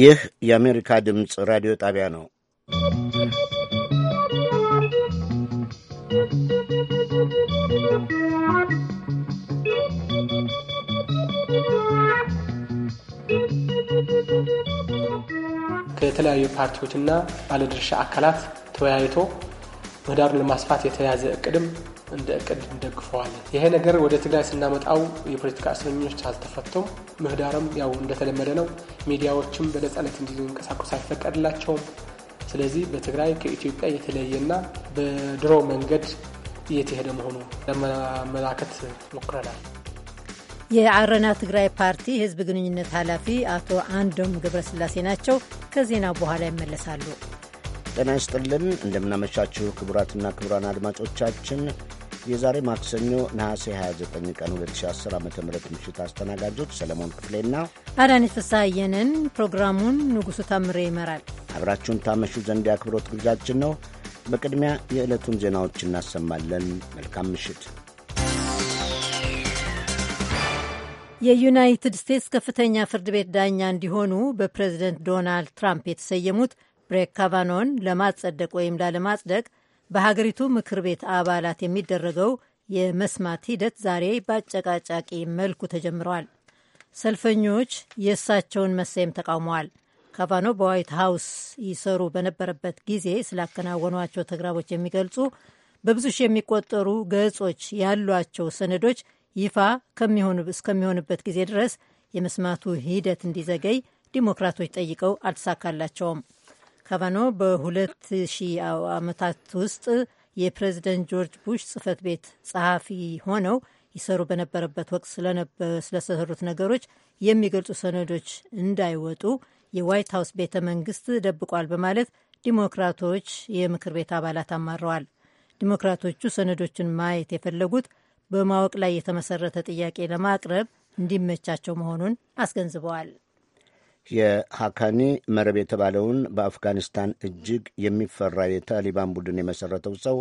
ይህ የአሜሪካ ድምፅ ራዲዮ ጣቢያ ነው። ከተለያዩ ፓርቲዎችና ባለድርሻ አካላት ተወያይቶ ምህዳሩን ለማስፋት የተያዘ እቅድም እንደ እቅድ እንደግፈዋለን። ይሄ ነገር ወደ ትግራይ ስናመጣው የፖለቲካ እስረኞች አልተፈቱም። ምህዳርም ያው እንደተለመደ ነው። ሚዲያዎችም በነጻነት እንዲንቀሳቀሱ አይፈቀድላቸውም። ስለዚህ በትግራይ ከኢትዮጵያ የተለየና በድሮ መንገድ እየተሄደ መሆኑ ለመመላከት ሞክረናል። የአረና ትግራይ ፓርቲ ህዝብ ግንኙነት ኃላፊ አቶ አንዶም ገብረስላሴ ናቸው። ከዜናው በኋላ ይመለሳሉ። ጤና ይስጥልን። እንደምናመሻችሁ ክቡራትና ክቡራን አድማጮቻችን የዛሬ ማክሰኞ ነሐሴ 29 ቀን 2010 ዓ ም ምሽት አስተናጋጆች ሰለሞን ክፍሌና አዳነች ፍስሐየንን። ፕሮግራሙን ንጉሡ ታምሬ ይመራል። አብራችሁን ታመሹ ዘንድ የአክብሮት ግብዣችን ነው። በቅድሚያ የዕለቱን ዜናዎች እናሰማለን። መልካም ምሽት። የዩናይትድ ስቴትስ ከፍተኛ ፍርድ ቤት ዳኛ እንዲሆኑ በፕሬዝደንት ዶናልድ ትራምፕ የተሰየሙት ብሬክ ካቫኖን ለማጸደቅ ወይም ላለማጽደቅ በሀገሪቱ ምክር ቤት አባላት የሚደረገው የመስማት ሂደት ዛሬ በአጨቃጫቂ መልኩ ተጀምረዋል። ሰልፈኞች የእሳቸውን መሰየም ተቃውመዋል። ካቫኖ በዋይት ሀውስ ይሰሩ በነበረበት ጊዜ ስላከናወኗቸው ተግራቦች የሚገልጹ በብዙ ሺህ የሚቆጠሩ ገጾች ያሏቸው ሰነዶች ይፋ እስከሚሆንበት ጊዜ ድረስ የመስማቱ ሂደት እንዲዘገይ ዲሞክራቶች ጠይቀው አልተሳካላቸውም። ካቫኖ በሁለት ሺህ ዓመታት ውስጥ የፕሬዚደንት ጆርጅ ቡሽ ጽህፈት ቤት ጸሐፊ ሆነው ይሰሩ በነበረበት ወቅት ስለሰሩት ነገሮች የሚገልጹ ሰነዶች እንዳይወጡ የዋይት ሀውስ ቤተ መንግስት ደብቋል በማለት ዲሞክራቶች የምክር ቤት አባላት አማረዋል። ዲሞክራቶቹ ሰነዶችን ማየት የፈለጉት በማወቅ ላይ የተመሰረተ ጥያቄ ለማቅረብ እንዲመቻቸው መሆኑን አስገንዝበዋል። የሐካኒ መረብ የተባለውን በአፍጋኒስታን እጅግ የሚፈራ የታሊባን ቡድን የመሠረተው ሰው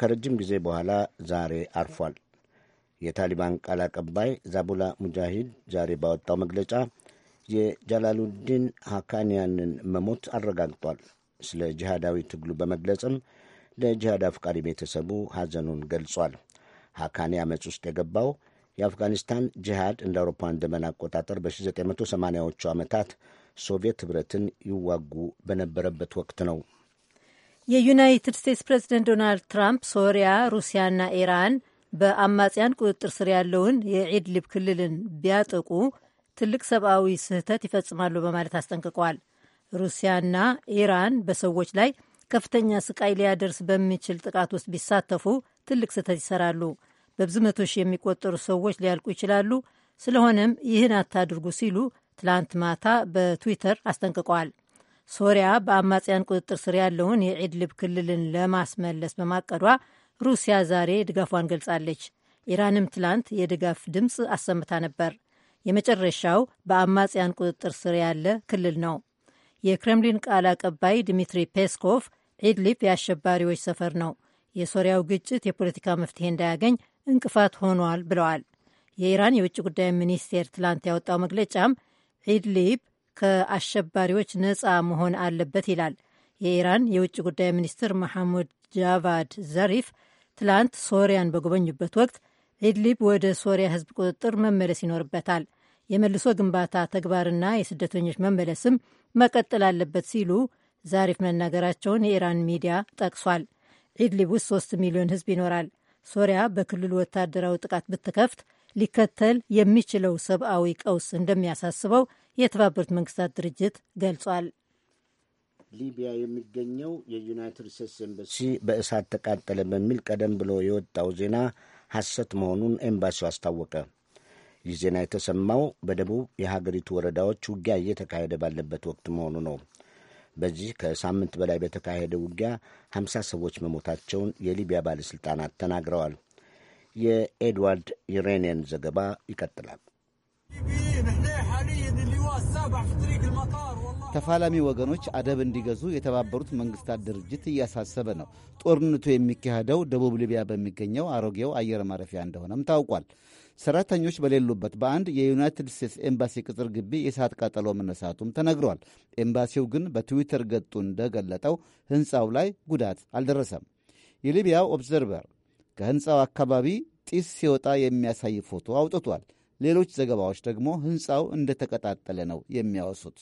ከረጅም ጊዜ በኋላ ዛሬ አርፏል። የታሊባን ቃል አቀባይ ዛቡላ ሙጃሂድ ዛሬ ባወጣው መግለጫ የጃላሉዲን ሐካንያንን መሞት አረጋግጧል። ስለ ጂሃዳዊ ትግሉ በመግለጽም ለጅሃድ አፍቃሪ ቤተሰቡ ሐዘኑን ገልጿል። ሐካኒ አመፅ ውስጥ የገባው የአፍጋኒስታን ጂሃድ እንደ አውሮፓን ዘመን አቆጣጠር በ1980ዎቹ ዓመታት ሶቪየት ህብረትን ይዋጉ በነበረበት ወቅት ነው። የዩናይትድ ስቴትስ ፕሬዚደንት ዶናልድ ትራምፕ ሶሪያ፣ ሩሲያና ኢራን በአማጽያን ቁጥጥር ስር ያለውን የኢድሊብ ክልልን ቢያጠቁ ትልቅ ሰብአዊ ስህተት ይፈጽማሉ በማለት አስጠንቅቀዋል። ሩሲያና ኢራን በሰዎች ላይ ከፍተኛ ስቃይ ሊያደርስ በሚችል ጥቃት ውስጥ ቢሳተፉ ትልቅ ስህተት ይሰራሉ። በብዙ መቶ ሺህ የሚቆጠሩ ሰዎች ሊያልቁ ይችላሉ። ስለሆነም ይህን አታድርጉ ሲሉ ትላንት ማታ በትዊተር አስጠንቅቀዋል። ሶሪያ በአማጽያን ቁጥጥር ስር ያለውን የኢድሊብ ክልልን ለማስመለስ በማቀዷ ሩሲያ ዛሬ ድጋፏን ገልጻለች። ኢራንም ትላንት የድጋፍ ድምፅ አሰምታ ነበር። የመጨረሻው በአማጽያን ቁጥጥር ስር ያለ ክልል ነው። የክሬምሊን ቃል አቀባይ ድሚትሪ ፔስኮቭ ኢድሊብ የአሸባሪዎች ሰፈር ነው፣ የሶሪያው ግጭት የፖለቲካ መፍትሄ እንዳያገኝ እንቅፋት ሆኗል ብለዋል። የኢራን የውጭ ጉዳይ ሚኒስቴር ትላንት ያወጣው መግለጫም ኢድሊብ ከአሸባሪዎች ነፃ መሆን አለበት ይላል። የኢራን የውጭ ጉዳይ ሚኒስትር መሐሙድ ጃቫድ ዘሪፍ ትላንት ሶሪያን በጎበኙበት ወቅት ኢድሊብ ወደ ሶሪያ ሕዝብ ቁጥጥር መመለስ ይኖርበታል፣ የመልሶ ግንባታ ተግባርና የስደተኞች መመለስም መቀጠል አለበት ሲሉ ዛሪፍ መናገራቸውን የኢራን ሚዲያ ጠቅሷል። ኢድሊብ ውስጥ ሶስት ሚሊዮን ሕዝብ ይኖራል። ሶሪያ በክልሉ ወታደራዊ ጥቃት ብትከፍት ሊከተል የሚችለው ሰብአዊ ቀውስ እንደሚያሳስበው የተባበሩት መንግስታት ድርጅት ገልጿል። ሊቢያ የሚገኘው የዩናይትድ ስቴትስ ኤምባሲ በእሳት ተቃጠለ በሚል ቀደም ብሎ የወጣው ዜና ሐሰት መሆኑን ኤምባሲው አስታወቀ። ይህ ዜና የተሰማው በደቡብ የሀገሪቱ ወረዳዎች ውጊያ እየተካሄደ ባለበት ወቅት መሆኑ ነው። በዚህ ከሳምንት በላይ በተካሄደ ውጊያ 50 ሰዎች መሞታቸውን የሊቢያ ባለሥልጣናት ተናግረዋል። የኤድዋርድ ዩሬኒየን ዘገባ ይቀጥላል። ተፋላሚ ወገኖች አደብ እንዲገዙ የተባበሩት መንግሥታት ድርጅት እያሳሰበ ነው። ጦርነቱ የሚካሄደው ደቡብ ሊቢያ በሚገኘው አሮጌው አየር ማረፊያ እንደሆነም ታውቋል። ሰራተኞች በሌሉበት በአንድ የዩናይትድ ስቴትስ ኤምባሲ ቅጥር ግቢ የእሳት ቃጠሎ መነሳቱም ተነግሯል። ኤምባሲው ግን በትዊተር ገጡ እንደገለጠው ሕንፃው ላይ ጉዳት አልደረሰም። የሊቢያው ኦብዘርቨር ከሕንፃው አካባቢ ጢስ ሲወጣ የሚያሳይ ፎቶ አውጥቷል። ሌሎች ዘገባዎች ደግሞ ሕንፃው እንደተቀጣጠለ ነው የሚያወሱት።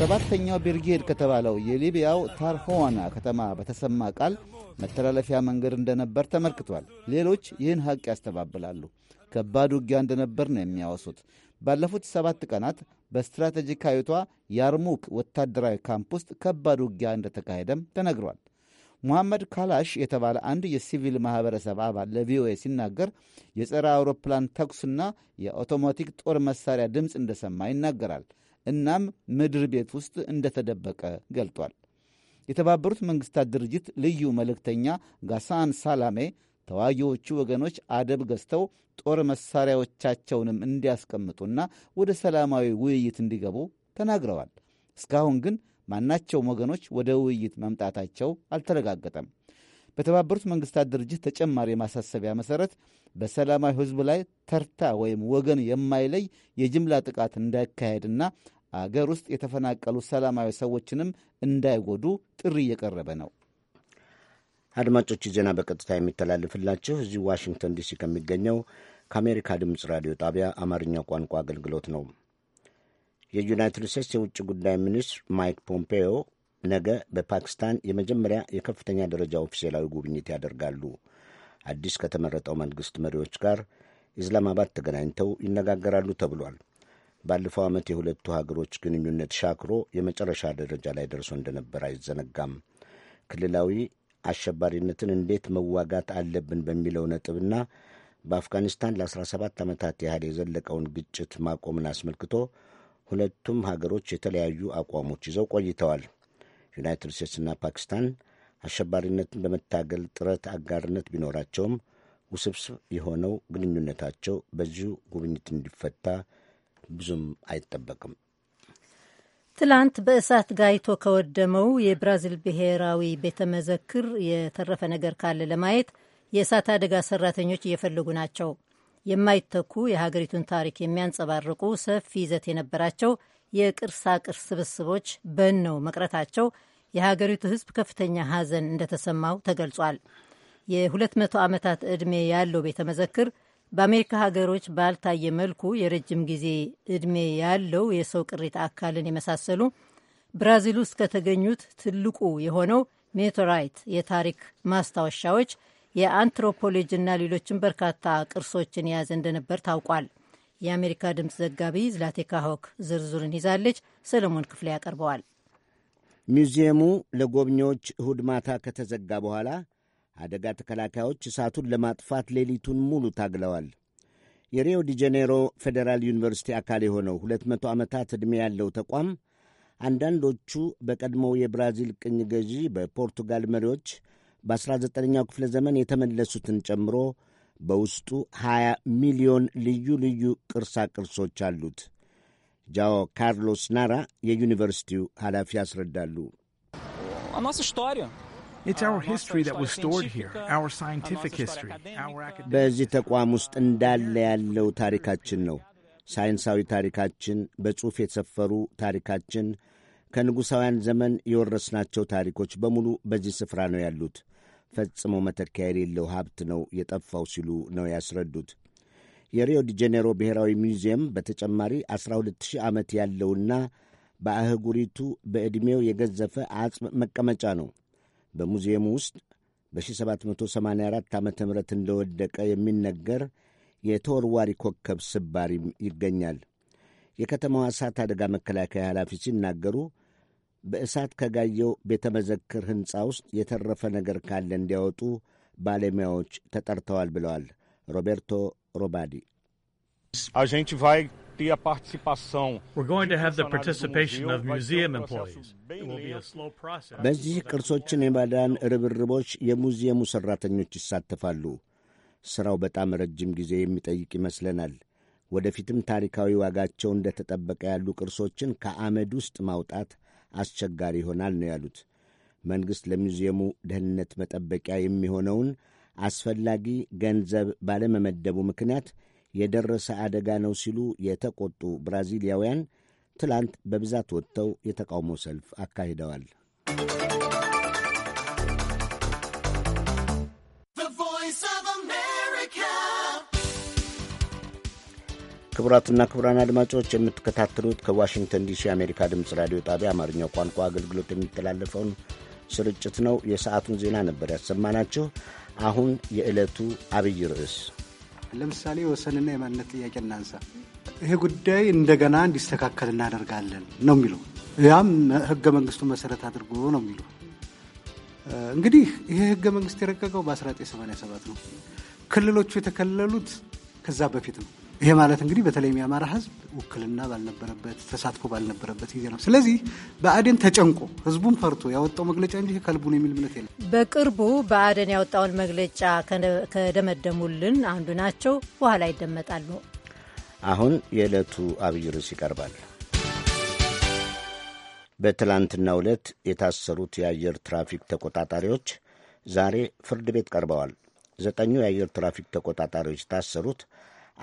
ሰባተኛው ብርጌድ ከተባለው የሊቢያው ታርሆዋና ከተማ በተሰማ ቃል መተላለፊያ መንገድ እንደነበር ተመልክቷል። ሌሎች ይህን ሐቅ ያስተባብላሉ። ከባድ ውጊያ እንደነበር ነው የሚያወሱት። ባለፉት ሰባት ቀናት በስትራቴጂካዊቷ ያርሙክ ወታደራዊ ካምፕ ውስጥ ከባድ ውጊያ እንደተካሄደም ተነግሯል። ሙሐመድ ካላሽ የተባለ አንድ የሲቪል ማኅበረሰብ አባል ለቪኦኤ ሲናገር የጸረ አውሮፕላን ተኩስና የአውቶማቲክ ጦር መሣሪያ ድምፅ እንደሰማ ይናገራል። እናም ምድር ቤት ውስጥ እንደተደበቀ ገልጧል። የተባበሩት መንግሥታት ድርጅት ልዩ መልእክተኛ ጋሳን ሳላሜ ተዋጊዎቹ ወገኖች አደብ ገዝተው ጦር መሣሪያዎቻቸውንም እንዲያስቀምጡና ወደ ሰላማዊ ውይይት እንዲገቡ ተናግረዋል። እስካሁን ግን ማናቸውም ወገኖች ወደ ውይይት መምጣታቸው አልተረጋገጠም። በተባበሩት መንግሥታት ድርጅት ተጨማሪ ማሳሰቢያ መሠረት በሰላማዊ ሕዝብ ላይ ተርታ ወይም ወገን የማይለይ የጅምላ ጥቃት እንዳይካሄድና አገር ውስጥ የተፈናቀሉ ሰላማዊ ሰዎችንም እንዳይጎዱ ጥሪ እየቀረበ ነው። አድማጮች ዜና በቀጥታ የሚተላልፍላችሁ እዚህ ዋሽንግተን ዲሲ ከሚገኘው ከአሜሪካ ድምፅ ራዲዮ ጣቢያ አማርኛ ቋንቋ አገልግሎት ነው። የዩናይትድ ስቴትስ የውጭ ጉዳይ ሚኒስትር ማይክ ፖምፔዮ ነገ በፓኪስታን የመጀመሪያ የከፍተኛ ደረጃ ኦፊሴላዊ ጉብኝት ያደርጋሉ። አዲስ ከተመረጠው መንግሥት መሪዎች ጋር ኢስላማባድ ተገናኝተው ይነጋገራሉ ተብሏል። ባለፈው ዓመት የሁለቱ ሀገሮች ግንኙነት ሻክሮ የመጨረሻ ደረጃ ላይ ደርሶ እንደነበር አይዘነጋም። ክልላዊ አሸባሪነትን እንዴት መዋጋት አለብን በሚለው ነጥብና በአፍጋኒስታን ለ17 ዓመታት ያህል የዘለቀውን ግጭት ማቆምን አስመልክቶ ሁለቱም ሀገሮች የተለያዩ አቋሞች ይዘው ቆይተዋል። ዩናይትድ ስቴትስና ፓኪስታን አሸባሪነትን በመታገል ጥረት አጋርነት ቢኖራቸውም ውስብስብ የሆነው ግንኙነታቸው በዚሁ ጉብኝት እንዲፈታ ብዙም አይጠበቅም። ትላንት በእሳት ጋይቶ ከወደመው የብራዚል ብሔራዊ ቤተ መዘክር የተረፈ ነገር ካለ ለማየት የእሳት አደጋ ሰራተኞች እየፈለጉ ናቸው። የማይተኩ የሀገሪቱን ታሪክ የሚያንጸባርቁ ሰፊ ይዘት የነበራቸው የቅርሳ ቅርስ ስብስቦች በነው መቅረታቸው የሀገሪቱ ሕዝብ ከፍተኛ ሐዘን እንደተሰማው ተገልጿል። የ200 ዓመታት ዕድሜ ያለው ቤተ መዘክር በአሜሪካ ሀገሮች ባልታየ መልኩ የረጅም ጊዜ እድሜ ያለው የሰው ቅሪት አካልን የመሳሰሉ ብራዚል ውስጥ ከተገኙት ትልቁ የሆነው ሜቶራይት የታሪክ ማስታወሻዎች የአንትሮፖሎጂና ሌሎችን በርካታ ቅርሶችን የያዘ እንደነበር ታውቋል። የአሜሪካ ድምፅ ዘጋቢ ዝላቴካ ሆክ ዝርዝሩን ይዛለች። ሰለሞን ክፍሌ ያቀርበዋል። ሚውዚየሙ ለጎብኚዎች እሁድ ማታ ከተዘጋ በኋላ አደጋ ተከላካዮች እሳቱን ለማጥፋት ሌሊቱን ሙሉ ታግለዋል። የሪዮ ዲ ጄኔሮ ፌዴራል ዩኒቨርሲቲ አካል የሆነው 200 ዓመታት ዕድሜ ያለው ተቋም አንዳንዶቹ በቀድሞው የብራዚል ቅኝ ገዢ በፖርቱጋል መሪዎች በ19ኛው ክፍለ ዘመን የተመለሱትን ጨምሮ በውስጡ 20 ሚሊዮን ልዩ ልዩ ቅርሳ ቅርሶች አሉት። ጃኦ ካርሎስ ናራ የዩኒቨርሲቲው ኃላፊ ያስረዳሉ። በዚህ ተቋም ውስጥ እንዳለ ያለው ታሪካችን ነው። ሳይንሳዊ ታሪካችን፣ በጽሑፍ የተሰፈሩ ታሪካችን፣ ከንጉሣውያን ዘመን የወረስናቸው ታሪኮች በሙሉ በዚህ ስፍራ ነው ያሉት። ፈጽሞ መተኪያ የሌለው ሀብት ነው የጠፋው ሲሉ ነው ያስረዱት። የሪዮ ዲ ጄኔሮ ብሔራዊ ሚውዚየም በተጨማሪ 120 ዓመት ያለውና በአህጉሪቱ በዕድሜው የገዘፈ አጽም መቀመጫ ነው። በሙዚየሙ ውስጥ በ1784 ዓ ም እንደወደቀ የሚነገር የተወርዋሪ ኮከብ ስባሪም ይገኛል። የከተማዋ እሳት አደጋ መከላከያ ኃላፊ ሲናገሩ በእሳት ከጋየው ቤተ መዘክር ሕንፃ ውስጥ የተረፈ ነገር ካለ እንዲያወጡ ባለሙያዎች ተጠርተዋል ብለዋል። ሮቤርቶ ሮባዲ በዚህ ቅርሶችን የማዳን ርብርቦች የሙዚየሙ ሰራተኞች ይሳተፋሉ። ስራው በጣም ረጅም ጊዜ የሚጠይቅ ይመስለናል። ወደፊትም ታሪካዊ ዋጋቸው እንደ ተጠበቀ ያሉ ቅርሶችን ከአመድ ውስጥ ማውጣት አስቸጋሪ ይሆናል ነው ያሉት። መንግሥት ለሙዚየሙ ደህንነት መጠበቂያ የሚሆነውን አስፈላጊ ገንዘብ ባለመመደቡ ምክንያት የደረሰ አደጋ ነው ሲሉ የተቆጡ ብራዚሊያውያን ትላንት በብዛት ወጥተው የተቃውሞ ሰልፍ አካሂደዋል። ክቡራትና ክቡራን አድማጮች የምትከታተሉት ከዋሽንግተን ዲሲ የአሜሪካ ድምፅ ራዲዮ ጣቢያ አማርኛው ቋንቋ አገልግሎት የሚተላለፈውን ስርጭት ነው። የሰዓቱን ዜና ነበር ያሰማናችሁ። አሁን የዕለቱ አብይ ርዕስ ለምሳሌ የወሰንና የማንነት ጥያቄ እናንሳ። ይሄ ጉዳይ እንደገና እንዲስተካከል እናደርጋለን ነው የሚለው። ያም ህገ መንግስቱ መሰረት አድርጎ ነው የሚለው። እንግዲህ ይሄ ህገ መንግስት የረቀቀው በ1987 ነው። ክልሎቹ የተከለሉት ከዛ በፊት ነው። ይሄ ማለት እንግዲህ በተለይም የአማራ ህዝብ ውክልና ባልነበረበት ተሳትፎ ባልነበረበት ጊዜ ነው። ስለዚህ በአደን ተጨንቆ ህዝቡን ፈርቶ ያወጣው መግለጫ እንጂ ከልቡን የሚል እምነት የለም። በቅርቡ በአደን ያወጣውን መግለጫ ከደመደሙልን አንዱ ናቸው። በኋላ ይደመጣሉ። አሁን የዕለቱ አብይ ርዕስ ይቀርባል። በትላንትናው ዕለት የታሰሩት የአየር ትራፊክ ተቆጣጣሪዎች ዛሬ ፍርድ ቤት ቀርበዋል። ዘጠኙ የአየር ትራፊክ ተቆጣጣሪዎች የታሰሩት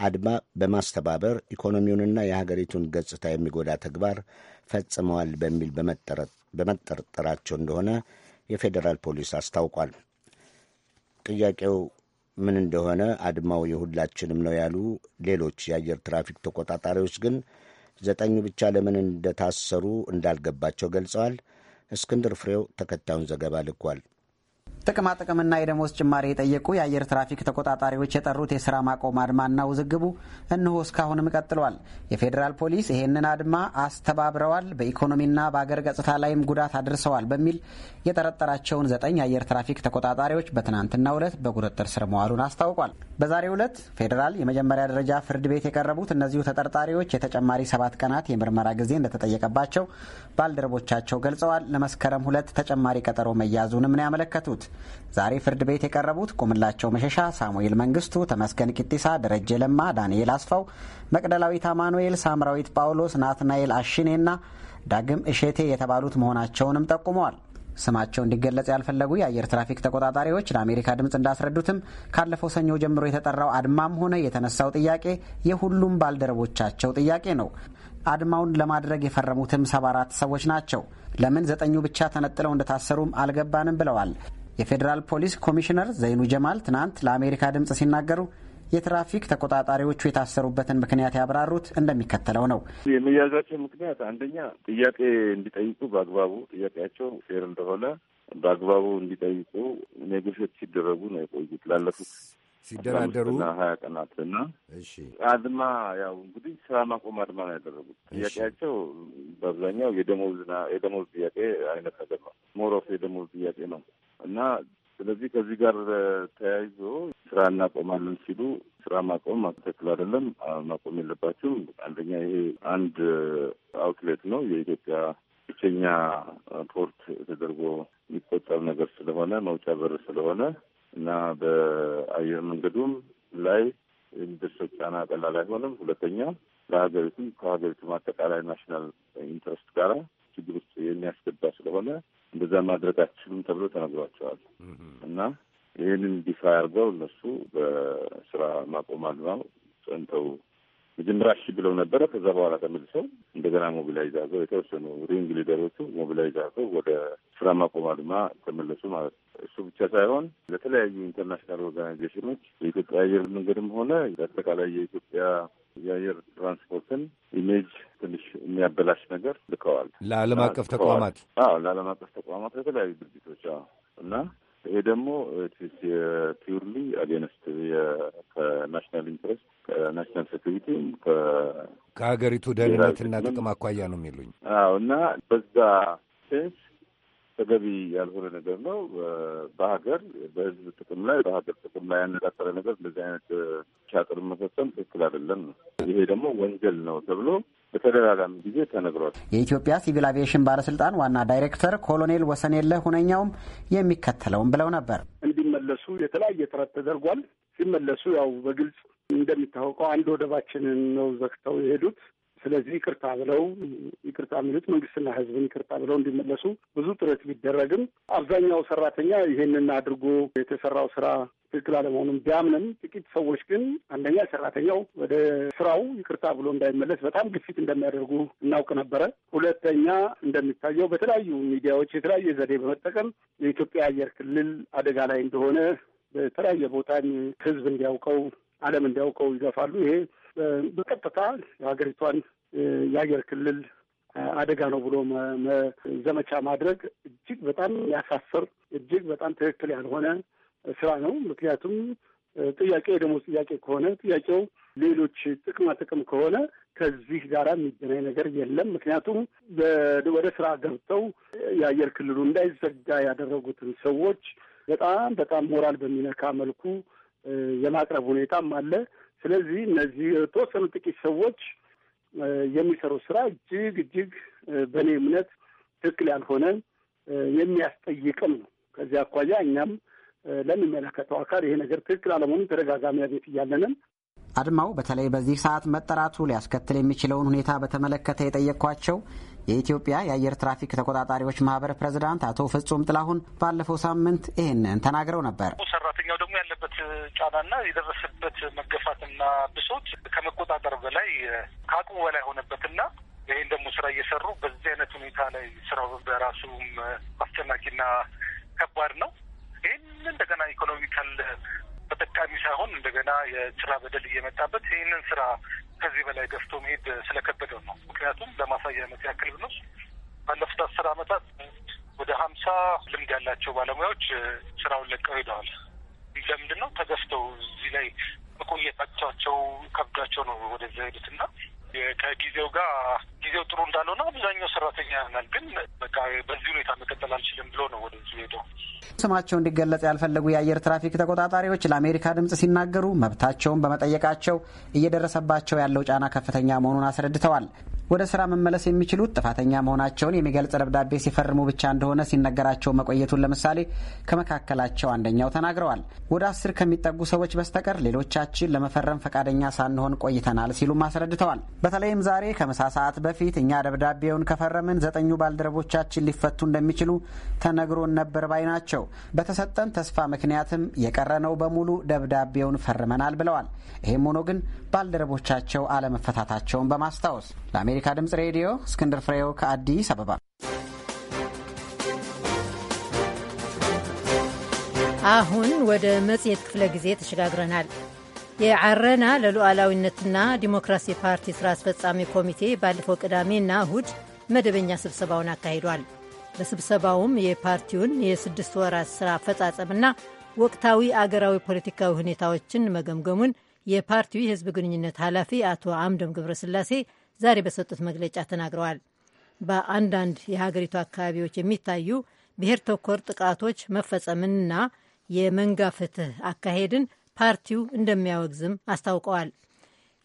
አድማ በማስተባበር ኢኮኖሚውንና የሀገሪቱን ገጽታ የሚጎዳ ተግባር ፈጽመዋል በሚል በመጠርጠራቸው እንደሆነ የፌዴራል ፖሊስ አስታውቋል። ጥያቄው ምን እንደሆነ አድማው የሁላችንም ነው ያሉ ሌሎች የአየር ትራፊክ ተቆጣጣሪዎች ግን ዘጠኙ ብቻ ለምን እንደታሰሩ እንዳልገባቸው ገልጸዋል። እስክንድር ፍሬው ተከታዩን ዘገባ ልኳል። ጥቅማጥቅምና የደሞዝ ጭማሪ የጠየቁ የአየር ትራፊክ ተቆጣጣሪዎች የጠሩት የስራ ማቆም አድማና ውዝግቡ እነሆ እስካሁንም ቀጥሏል። የፌዴራል ፖሊስ ይህንን አድማ አስተባብረዋል፣ በኢኮኖሚና በአገር ገጽታ ላይም ጉዳት አድርሰዋል በሚል የጠረጠራቸውን ዘጠኝ የአየር ትራፊክ ተቆጣጣሪዎች በትናንትናው ዕለት በቁጥጥር ስር መዋሉን አስታውቋል። በዛሬው ዕለት ፌዴራል የመጀመሪያ ደረጃ ፍርድ ቤት የቀረቡት እነዚሁ ተጠርጣሪዎች የተጨማሪ ሰባት ቀናት የምርመራ ጊዜ እንደተጠየቀባቸው ባልደረቦቻቸው ገልጸዋል። ለመስከረም ሁለት ተጨማሪ ቀጠሮ መያዙንም ነው ያመለከቱት። ዛሬ ፍርድ ቤት የቀረቡት ቁምላቸው መሸሻ፣ ሳሙኤል መንግስቱ፣ ተመስገን ቂጢሳ፣ ደረጀ ለማ፣ ዳንኤል አስፋው፣ መቅደላዊት አማኑኤል፣ ሳምራዊት ጳውሎስ፣ ናትናኤል አሽኔና ዳግም እሼቴ የተባሉት መሆናቸውንም ጠቁመዋል። ስማቸው እንዲገለጽ ያልፈለጉ የአየር ትራፊክ ተቆጣጣሪዎች ለአሜሪካ ድምፅ እንዳስረዱትም ካለፈው ሰኞ ጀምሮ የተጠራው አድማም ሆነ የተነሳው ጥያቄ የሁሉም ባልደረቦቻቸው ጥያቄ ነው። አድማውን ለማድረግ የፈረሙትም ሰባ አራት ሰዎች ናቸው። ለምን ዘጠኙ ብቻ ተነጥለው እንደታሰሩም አልገባንም ብለዋል። የፌዴራል ፖሊስ ኮሚሽነር ዘይኑ ጀማል ትናንት ለአሜሪካ ድምፅ ሲናገሩ የትራፊክ ተቆጣጣሪዎቹ የታሰሩበትን ምክንያት ያብራሩት እንደሚከተለው ነው። የመያዛቸው ምክንያት አንደኛ ጥያቄ እንዲጠይቁ በአግባቡ ጥያቄያቸው ፌር እንደሆነ በአግባቡ እንዲጠይቁ ኔጎሽት ሲደረጉ ነው የቆዩት ላለፉት ሲደራደሩ ሀያ ቀናት እሺ፣ አድማ ያው እንግዲህ ስራ ማቆም አድማ ነው ያደረጉት። ጥያቄያቸው በአብዛኛው የደሞዝና የደሞዝ ጥያቄ አይነት ነገር ነው። ሞሮፍ የደሞዝ ጥያቄ ነው። እና ስለዚህ ከዚህ ጋር ተያይዞ ስራ እናቆማለን ሲሉ ስራ ማቆም ትክክል አይደለም፣ ማቆም የለባቸውም። አንደኛ ይሄ አንድ አውትሌት ነው የኢትዮጵያ ብቸኛ ፖርት ተደርጎ የሚቆጠር ነገር ስለሆነ መውጫ በር ስለሆነ እና በአየር መንገዱም ላይ የሚደርሰው ጫና ቀላል አይሆንም። ሁለተኛ ለሀገሪቱም ከሀገሪቱም አጠቃላይ ናሽናል ኢንትረስት ጋራ ችግር ውስጥ የሚያስገባ ስለሆነ እንደዛ ማድረግ አትችሉም ተብሎ ተነግሯቸዋል እና ይህንን ዲፋ አድርገው እነሱ በስራ ማቆም አድማው ጸንተው መጀመሪያ እሺ ብለው ነበረ። ከዛ በኋላ ተመልሰው እንደገና ሞቢላይዝ አድርገው የተወሰኑ ሪንግ ሊደሮቹ ሞቢላይዝ አድርገው ወደ ስራ ማቆም አድማ ተመለሱ ማለት ነው። እሱ ብቻ ሳይሆን ለተለያዩ ኢንተርናሽናል ኦርጋናይዜሽኖች የኢትዮጵያ አየር መንገድም ሆነ በአጠቃላይ የኢትዮጵያ የአየር ትራንስፖርትን ኢሜጅ ትንሽ የሚያበላሽ ነገር ልከዋል ለዓለም አቀፍ ተቋማት። አዎ ለዓለም አቀፍ ተቋማት ለተለያዩ ድርጅቶች እና ይሄ ደግሞ ፒውርሊ አጌንስት ከናሽናል ኢንትረስት ከናሽናል ሴኩሪቲ ከሀገሪቱ ደህንነትና ጥቅም አኳያ ነው የሚሉኝ። አዎ እና በዛ ሴንስ ተገቢ ያልሆነ ነገር ነው። በሀገር በህዝብ ጥቅም ላይ በሀገር ጥቅም ላይ ያነጣጠረ ነገር እንደዚህ አይነት ሻጥር መፈጸም ትክክል አይደለም ነው። ይሄ ደግሞ ወንጀል ነው ተብሎ በተደጋጋሚ ጊዜ ተነግሯል። የኢትዮጵያ ሲቪል አቪዬሽን ባለስልጣን ዋና ዳይሬክተር ኮሎኔል ወሰኔለ ሁነኛውም የሚከተለውን ብለው ነበር። እንዲመለሱ የተለያየ ጥረት ተደርጓል። ሲመለሱ ያው በግልጽ እንደሚታወቀው አንድ ወደባችንን ነው ዘግተው የሄዱት። ስለዚህ ይቅርታ ብለው ይቅርታ የሚሉት መንግስትና ህዝብን ይቅርታ ብለው እንዲመለሱ ብዙ ጥረት ቢደረግም አብዛኛው ሰራተኛ ይሄንን አድርጎ የተሰራው ስራ ትክክል አለመሆኑን ቢያምንም ጥቂት ሰዎች ግን አንደኛ ሰራተኛው ወደ ስራው ይቅርታ ብሎ እንዳይመለስ በጣም ግፊት እንደሚያደርጉ እናውቅ ነበረ። ሁለተኛ እንደሚታየው በተለያዩ ሚዲያዎች የተለያየ ዘዴ በመጠቀም የኢትዮጵያ አየር ክልል አደጋ ላይ እንደሆነ በተለያየ ቦታ ህዝብ እንዲያውቀው፣ ዓለም እንዲያውቀው ይገፋሉ። ይሄ በቀጥታ ሀገሪቷን የአየር ክልል አደጋ ነው ብሎ ዘመቻ ማድረግ እጅግ በጣም ያሳፍር፣ እጅግ በጣም ትክክል ያልሆነ ስራ ነው። ምክንያቱም ጥያቄ የደሞዝ ጥያቄ ከሆነ ጥያቄው ሌሎች ጥቅማ ጥቅም ከሆነ ከዚህ ጋር የሚገናኝ ነገር የለም። ምክንያቱም ወደ ስራ ገብተው የአየር ክልሉ እንዳይዘጋ ያደረጉትን ሰዎች በጣም በጣም ሞራል በሚነካ መልኩ የማቅረብ ሁኔታም አለ። ስለዚህ እነዚህ የተወሰኑ ጥቂት ሰዎች የሚሰሩ ስራ እጅግ እጅግ በእኔ እምነት ትክክል ያልሆነ የሚያስጠይቅም ነው። ከዚህ አኳያ እኛም ለሚመለከተው አካል ይሄ ነገር ትክክል አለመሆኑን ተደጋጋሚ አቤት እያለንም አድማው በተለይ በዚህ ሰዓት መጠራቱ ሊያስከትል የሚችለውን ሁኔታ በተመለከተ የጠየቅኳቸው የኢትዮጵያ የአየር ትራፊክ ተቆጣጣሪዎች ማህበር ፕሬዝዳንት አቶ ፍጹም ጥላሁን ባለፈው ሳምንት ይህንን ተናግረው ነበር። ሰራተኛው ደግሞ ያለበት ጫናና የደረሰበት መገፋትና ብሶት ከመቆጣጠር በላይ ከአቅሙ በላይ ሆነበትና ይህን ደግሞ ስራ እየሰሩ በዚህ አይነት ሁኔታ ላይ ስራው በራሱም አስጨናቂና ከባድ ነው። ይህን እንደገና ኢኮኖሚካል ተጠቃሚ ሳይሆን እንደገና የስራ በደል እየመጣበት ይህንን ስራ ከዚህ በላይ ገፍቶ መሄድ ስለከበደው ነው። ምክንያቱም ለማሳያነት ያክል ብንወስ ባለፉት አስር አመታት ወደ ሀምሳ ልምድ ያላቸው ባለሙያዎች ስራውን ለቀው ሄደዋል። ለምንድን ነው ተገፍተው እዚህ ላይ መቆየታቸው ከብዷቸው ነው ወደዚያ ሄዱት እና ከጊዜው ጋር ጊዜው ነው እና አብዛኛው ሰራተኛ ያናል ግን በቃ በዚህ ሁኔታ መቀጠል አልችልም ብሎ ነው ወደዚህ ሄደው። ስማቸው እንዲገለጽ ያልፈለጉ የአየር ትራፊክ ተቆጣጣሪዎች ለአሜሪካ ድምጽ ሲናገሩ መብታቸውን በመጠየቃቸው እየደረሰባቸው ያለው ጫና ከፍተኛ መሆኑን አስረድተዋል። ወደ ስራ መመለስ የሚችሉት ጥፋተኛ መሆናቸውን የሚገልጽ ደብዳቤ ሲፈርሙ ብቻ እንደሆነ ሲነገራቸው መቆየቱን ለምሳሌ ከመካከላቸው አንደኛው ተናግረዋል። ወደ አስር ከሚጠጉ ሰዎች በስተቀር ሌሎቻችን ለመፈረም ፈቃደኛ ሳንሆን ቆይተናል ሲሉም አስረድተዋል። በተለይም ዛሬ ከምሳ ሰዓት በፊት እኛ ደብዳቤውን ከፈረምን ዘጠኙ ባልደረቦቻችን ሊፈቱ እንደሚችሉ ተነግሮን ነበር ባይ ናቸው። በተሰጠን ተስፋ ምክንያትም የቀረነው በሙሉ ደብዳቤውን ፈርመናል ብለዋል። ይህም ሆኖ ግን ባልደረቦቻቸው አለመፈታታቸውን በማስታወስ ለአሜሪካ ድምፅ ሬዲዮ እስክንድር ፍሬው ከአዲስ አበባ። አሁን ወደ መጽሔት ክፍለ ጊዜ ተሸጋግረናል። የዓረና ለሉዓላዊነትና ዲሞክራሲ ፓርቲ ሥራ አስፈጻሚ ኮሚቴ ባለፈው ቅዳሜና እሁድ መደበኛ ስብሰባውን አካሂዷል። በስብሰባውም የፓርቲውን የስድስት ወራት ሥራ አፈጻጸምና ወቅታዊ አገራዊ ፖለቲካዊ ሁኔታዎችን መገምገሙን የፓርቲው የሕዝብ ግንኙነት ኃላፊ አቶ አምዶም ገብረስላሴ ዛሬ በሰጡት መግለጫ ተናግረዋል። በአንዳንድ የሀገሪቱ አካባቢዎች የሚታዩ ብሔር ተኮር ጥቃቶች መፈጸምንና የመንጋ ፍትህ አካሄድን ፓርቲው እንደሚያወግዝም አስታውቀዋል።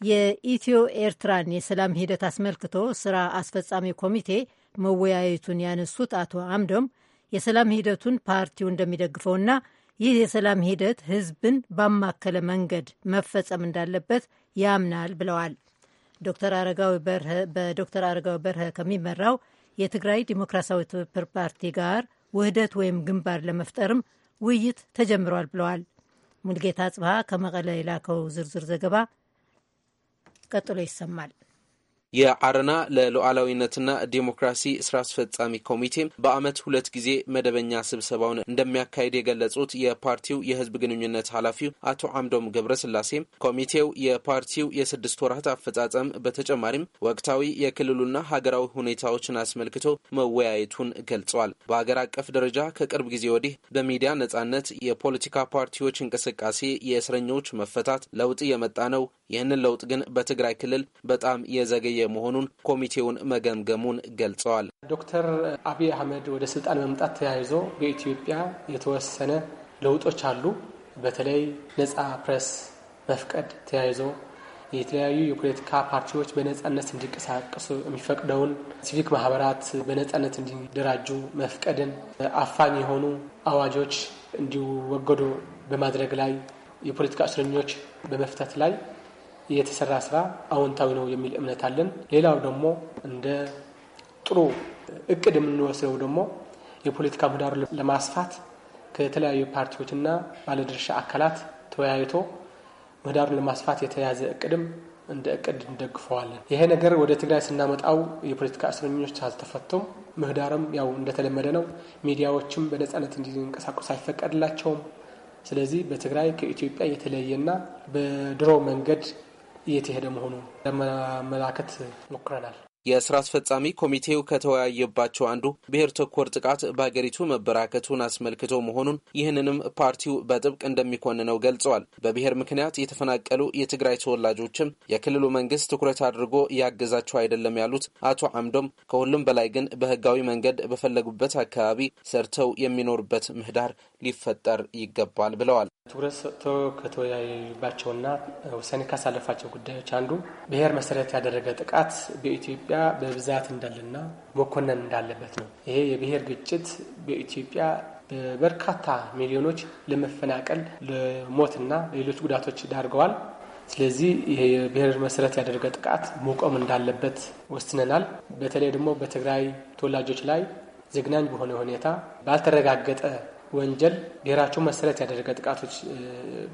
የኢትዮ ኤርትራን የሰላም ሂደት አስመልክቶ ስራ አስፈጻሚ ኮሚቴ መወያየቱን ያነሱት አቶ አምዶም የሰላም ሂደቱን ፓርቲው እንደሚደግፈውና ይህ የሰላም ሂደት ህዝብን ባማከለ መንገድ መፈጸም እንዳለበት ያምናል ብለዋል። ዶክተር አረጋዊ በርሀ በዶክተር አረጋዊ በርሀ ከሚመራው የትግራይ ዲሞክራሲያዊ ትብብር ፓርቲ ጋር ውህደት ወይም ግንባር ለመፍጠርም ውይይት ተጀምሯል ብለዋል። ሙልጌታ ጽብሃ ከመቀለ የላከው ዝርዝር ዘገባ ቀጥሎ ይሰማል። የአረና ለሉዓላዊነትና ዲሞክራሲ ስራ አስፈጻሚ ኮሚቴ በአመት ሁለት ጊዜ መደበኛ ስብሰባውን እንደሚያካሂድ የገለጹት የፓርቲው የህዝብ ግንኙነት ኃላፊው አቶ አምዶም ገብረስላሴ ኮሚቴው የፓርቲው የስድስት ወራት አፈጻጸም በተጨማሪም ወቅታዊ የክልሉና ሀገራዊ ሁኔታዎችን አስመልክቶ መወያየቱን ገልጸዋል። በሀገር አቀፍ ደረጃ ከቅርብ ጊዜ ወዲህ በሚዲያ ነጻነት፣ የፖለቲካ ፓርቲዎች እንቅስቃሴ፣ የእስረኞች መፈታት ለውጥ የመጣ ነው። ይህንን ለውጥ ግን በትግራይ ክልል በጣም የዘገየ የቆየ መሆኑን ኮሚቴውን መገምገሙን ገልጸዋል። ዶክተር አብይ አህመድ ወደ ስልጣን መምጣት ተያይዞ በኢትዮጵያ የተወሰነ ለውጦች አሉ። በተለይ ነጻ ፕሬስ መፍቀድ ተያይዞ የተለያዩ የፖለቲካ ፓርቲዎች በነጻነት እንዲንቀሳቀሱ የሚፈቅደውን ሲቪክ ማህበራት በነጻነት እንዲደራጁ መፍቀድን፣ አፋኝ የሆኑ አዋጆች እንዲወገዱ በማድረግ ላይ የፖለቲካ እስረኞች በመፍታት ላይ የተሰራ ስራ አዎንታዊ ነው የሚል እምነት አለን። ሌላው ደግሞ እንደ ጥሩ እቅድ የምንወስደው ደግሞ የፖለቲካ ምህዳሩ ለማስፋት ከተለያዩ ፓርቲዎችና ባለድርሻ አካላት ተወያይቶ ምህዳሩን ለማስፋት የተያዘ እቅድም እንደ እቅድ እንደግፈዋለን። ይሄ ነገር ወደ ትግራይ ስናመጣው የፖለቲካ እስረኞች አልተፈቱም። ምህዳርም ያው እንደተለመደ ነው። ሚዲያዎችም በነጻነት እንዲንቀሳቀሱ አይፈቀድላቸውም። ስለዚህ በትግራይ ከኢትዮጵያ የተለየና በድሮ መንገድ እየተሄደ መሆኑ ለመላከት ሞክረናል። የስራ አስፈጻሚ ኮሚቴው ከተወያየባቸው አንዱ ብሔር ተኮር ጥቃት በሀገሪቱ መበራከቱን አስመልክቶ መሆኑን ይህንንም ፓርቲው በጥብቅ እንደሚኮንነው ገልጸዋል። በብሔር ምክንያት የተፈናቀሉ የትግራይ ተወላጆችም የክልሉ መንግስት ትኩረት አድርጎ ያገዛቸው አይደለም ያሉት አቶ አምዶም ከሁሉም በላይ ግን በህጋዊ መንገድ በፈለጉበት አካባቢ ሰርተው የሚኖሩበት ምህዳር ሊፈጠር ይገባል ብለዋል። ትኩረት ሰጥቶ ከተወያዩባቸውና ውሳኔ ካሳለፋቸው ጉዳዮች አንዱ ብሔር መሰረት ያደረገ ጥቃት በኢትዮጵያ በብዛት እንዳለና መኮነን እንዳለበት ነው። ይሄ የብሔር ግጭት በኢትዮጵያ በበርካታ ሚሊዮኖች ለመፈናቀል ለሞትና ሌሎች ጉዳቶች ዳርገዋል። ስለዚህ የብሔር መሰረት ያደረገ ጥቃት መቆም እንዳለበት ወስነናል። በተለይ ደግሞ በትግራይ ተወላጆች ላይ ዘግናኝ በሆነ ሁኔታ ባልተረጋገጠ ወንጀል ብሔራቸው መሰረት ያደረገ ጥቃቶች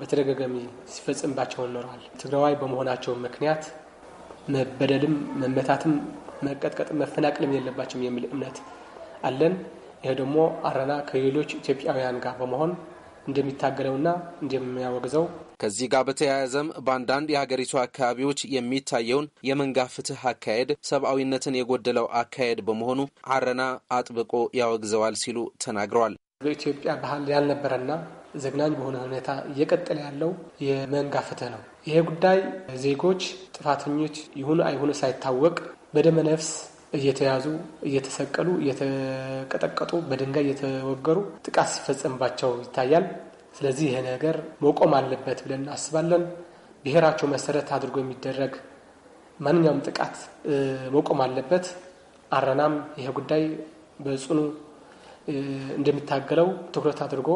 በተደጋጋሚ ሲፈጽምባቸው ኖረዋል። ትግራዋይ በመሆናቸው ምክንያት መበደልም፣ መመታትም፣ መቀጥቀጥም መፈናቀልም የለባቸውም የሚል እምነት አለን። ይሄ ደግሞ አረና ከሌሎች ኢትዮጵያውያን ጋር በመሆን እንደሚታገለውና እንደሚያወግዘው ከዚህ ጋር በተያያዘም በአንዳንድ የሀገሪቱ አካባቢዎች የሚታየውን የመንጋ ፍትህ አካሄድ ሰብአዊነትን የጎደለው አካሄድ በመሆኑ አረና አጥብቆ ያወግዘዋል ሲሉ ተናግረዋል። በኢትዮጵያ ባህል ያልነበረና ዘግናኝ በሆነ ሁኔታ እየቀጠለ ያለው የመንጋ ፍትህ ነው። ይሄ ጉዳይ ዜጎች ጥፋተኞች ይሁን አይሁን ሳይታወቅ በደመ ነፍስ እየተያዙ እየተሰቀሉ፣ እየተቀጠቀጡ፣ በድንጋይ እየተወገሩ ጥቃት ሲፈጸምባቸው ይታያል። ስለዚህ ይሄ ነገር መቆም አለበት ብለን እናስባለን። ብሔራቸው መሰረት አድርጎ የሚደረግ ማንኛውም ጥቃት መቆም አለበት። አረናም ይሄ ጉዳይ በጽኑ እንደሚታገለው ትኩረት አድርጎ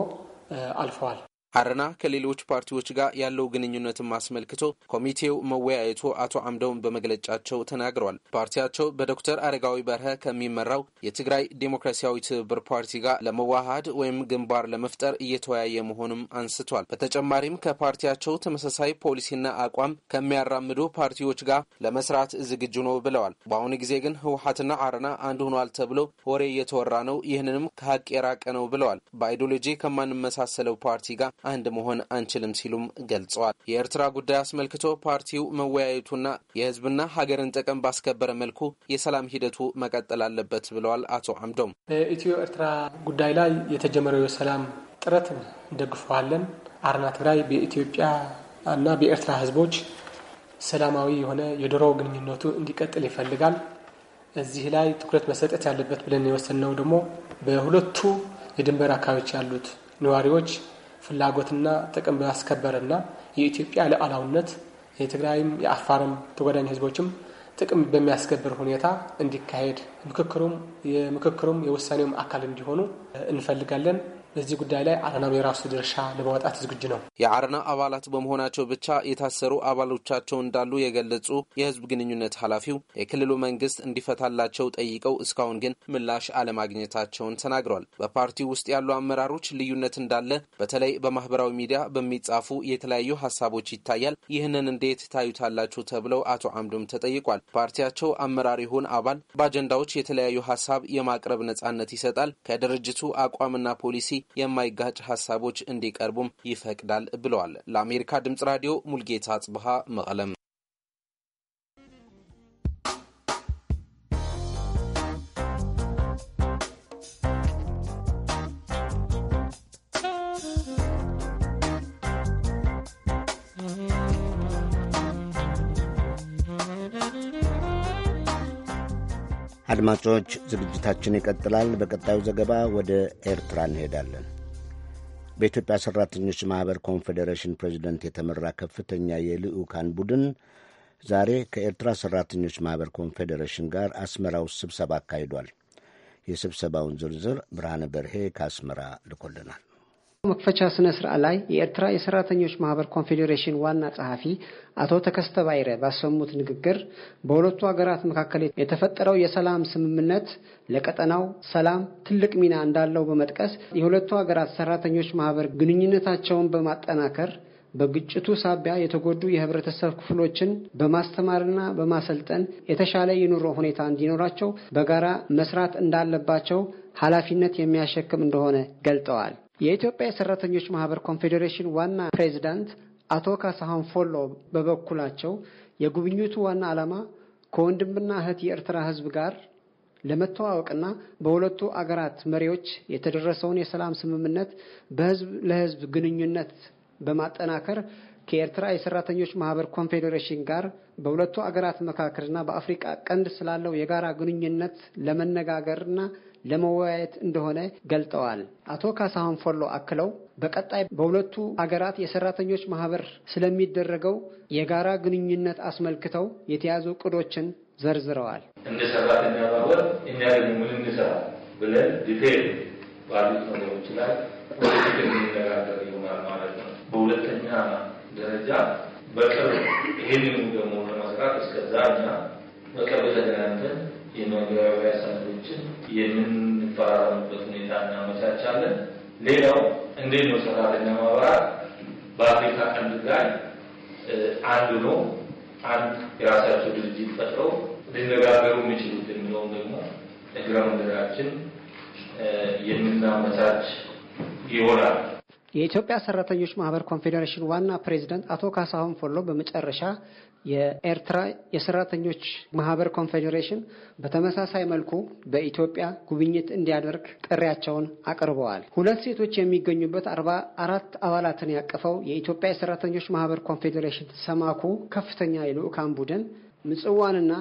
አልፈዋል። አረና ከሌሎች ፓርቲዎች ጋር ያለው ግንኙነትም አስመልክቶ ኮሚቴው መወያየቱ አቶ አምደውን በመግለጫቸው ተናግረዋል። ፓርቲያቸው በዶክተር አረጋዊ በርሀ ከሚመራው የትግራይ ዴሞክራሲያዊ ትብብር ፓርቲ ጋር ለመዋሃድ ወይም ግንባር ለመፍጠር እየተወያየ መሆኑም አንስቷል። በተጨማሪም ከፓርቲያቸው ተመሳሳይ ፖሊሲና አቋም ከሚያራምዱ ፓርቲዎች ጋር ለመስራት ዝግጁ ነው ብለዋል። በአሁኑ ጊዜ ግን ህወሀትና አረና አንድ ሆኗል ተብሎ ወሬ እየተወራ ነው። ይህንንም ከሀቅ የራቀ ነው ብለዋል። በአይዲዮሎጂ ከማንመሳሰለው ፓርቲ ጋር አንድ መሆን አንችልም ሲሉም ገልጸዋል። የኤርትራ ጉዳይ አስመልክቶ ፓርቲው መወያየቱና የህዝብና ሀገርን ጥቅም ባስከበረ መልኩ የሰላም ሂደቱ መቀጠል አለበት ብለዋል። አቶ አምዶም በኢትዮ ኤርትራ ጉዳይ ላይ የተጀመረው የሰላም ጥረት እንደግፈዋለን። አረና ትግራይ በኢትዮጵያ እና በኤርትራ ህዝቦች ሰላማዊ የሆነ የድሮ ግንኙነቱ እንዲቀጥል ይፈልጋል። እዚህ ላይ ትኩረት መሰጠት ያለበት ብለን የወሰንነው ደግሞ በሁለቱ የድንበር አካባቢዎች ያሉት ነዋሪዎች ፍላጎትና ጥቅም በማስከበርና የኢትዮጵያ ሉዓላዊነት የትግራይም የአፋርም ተጓዳኝ ህዝቦችም ጥቅም በሚያስከብር ሁኔታ እንዲካሄድ ምክክሩም የምክክሩም የውሳኔውም አካል እንዲሆኑ እንፈልጋለን። በዚህ ጉዳይ ላይ አረናው የራሱ ድርሻ ለማውጣት ዝግጁ ነው። የአረና አባላት በመሆናቸው ብቻ የታሰሩ አባሎቻቸው እንዳሉ የገለጹ የህዝብ ግንኙነት ኃላፊው የክልሉ መንግስት እንዲፈታላቸው ጠይቀው እስካሁን ግን ምላሽ አለማግኘታቸውን ተናግሯል። በፓርቲው ውስጥ ያሉ አመራሮች ልዩነት እንዳለ በተለይ በማህበራዊ ሚዲያ በሚጻፉ የተለያዩ ሀሳቦች ይታያል። ይህንን እንዴት ታዩታላችሁ ተብለው አቶ አምዶም ተጠይቋል። ፓርቲያቸው አመራር ይሁን አባል በአጀንዳዎች የተለያዩ ሀሳብ የማቅረብ ነጻነት ይሰጣል። ከድርጅቱ አቋምና ፖሊሲ የማይጋጭ ሀሳቦች እንዲቀርቡም ይፈቅዳል ብለዋል። ለአሜሪካ ድምጽ ራዲዮ ሙልጌታ አጽብሃ መቀለም Mm-hmm. አድማጮች ዝግጅታችን ይቀጥላል። በቀጣዩ ዘገባ ወደ ኤርትራ እንሄዳለን። በኢትዮጵያ ሠራተኞች ማኅበር ኮንፌዴሬሽን ፕሬዚደንት የተመራ ከፍተኛ የልዑካን ቡድን ዛሬ ከኤርትራ ሠራተኞች ማኅበር ኮንፌዴሬሽን ጋር አስመራ ውስጥ ስብሰባ አካሂዷል። የስብሰባውን ዝርዝር ብርሃነ በርሄ ከአስመራ ልኮልናል። መክፈቻ ስነ ስርዓት ላይ የኤርትራ የሰራተኞች ማህበር ኮንፌዴሬሽን ዋና ጸሐፊ አቶ ተከስተ ባይረ ባሰሙት ንግግር በሁለቱ ሀገራት መካከል የተፈጠረው የሰላም ስምምነት ለቀጠናው ሰላም ትልቅ ሚና እንዳለው በመጥቀስ የሁለቱ ሀገራት ሰራተኞች ማህበር ግንኙነታቸውን በማጠናከር በግጭቱ ሳቢያ የተጎዱ የህብረተሰብ ክፍሎችን በማስተማርና በማሰልጠን የተሻለ የኑሮ ሁኔታ እንዲኖራቸው በጋራ መስራት እንዳለባቸው ኃላፊነት የሚያሸክም እንደሆነ ገልጠዋል። የኢትዮጵያ የሰራተኞች ማህበር ኮንፌዴሬሽን ዋና ፕሬዚዳንት አቶ ካሳሁን ፎሎ በበኩላቸው የጉብኝቱ ዋና ዓላማ ከወንድምና እህት የኤርትራ ህዝብ ጋር ለመተዋወቅና በሁለቱ አገራት መሪዎች የተደረሰውን የሰላም ስምምነት በህዝብ ለህዝብ ግንኙነት በማጠናከር ከኤርትራ የሰራተኞች ማህበር ኮንፌዴሬሽን ጋር በሁለቱ አገራት መካከልና በአፍሪቃ ቀንድ ስላለው የጋራ ግንኙነት ለመነጋገርና ለመወያየት እንደሆነ ገልጠዋል። አቶ ካሳሁን ፎሎ አክለው በቀጣይ በሁለቱ አገራት የሰራተኞች ማህበር ስለሚደረገው የጋራ ግንኙነት አስመልክተው የተያዙ እቅዶችን ዘርዝረዋል። እንደ ሰራተኛ ማህበር እኛ ደግሞ እንሰራ ብለን ዲቴል ባሉት ነገሮች ላይ ወደፊት የምንነጋገር ይሆናል ማለት ነው። በሁለተኛ ደረጃ በቅርብ ይህንኑ ደግሞ ለመስራት እስከዛ እኛ በቅርብ ተገናኝተን የመግባቢያ ሰነዶችን የምንፈራረምበት ሁኔታ እናመቻቻለን። ሌላው እንዴት ነው ሰራተኛ ማህበራት በአፍሪካ ቀንድ ጋር አንዱ ነው አንድ የራሳቸው ድርጅት ፈጥረው ሊነጋገሩ የሚችሉት የሚለውም ደግሞ እግረ መንገዳችን የምናመቻች ይሆናል። የኢትዮጵያ ሰራተኞች ማህበር ኮንፌዴሬሽን ዋና ፕሬዚደንት አቶ ካሳሁን ፎሎ በመጨረሻ የኤርትራ የሰራተኞች ማህበር ኮንፌዴሬሽን በተመሳሳይ መልኩ በኢትዮጵያ ጉብኝት እንዲያደርግ ጥሪያቸውን አቅርበዋል። ሁለት ሴቶች የሚገኙበት አርባ አራት አባላትን ያቀፈው የኢትዮጵያ የሰራተኞች ማህበር ኮንፌዴሬሽን ሰማኩ ከፍተኛ የልዑካን ቡድን ምጽዋንና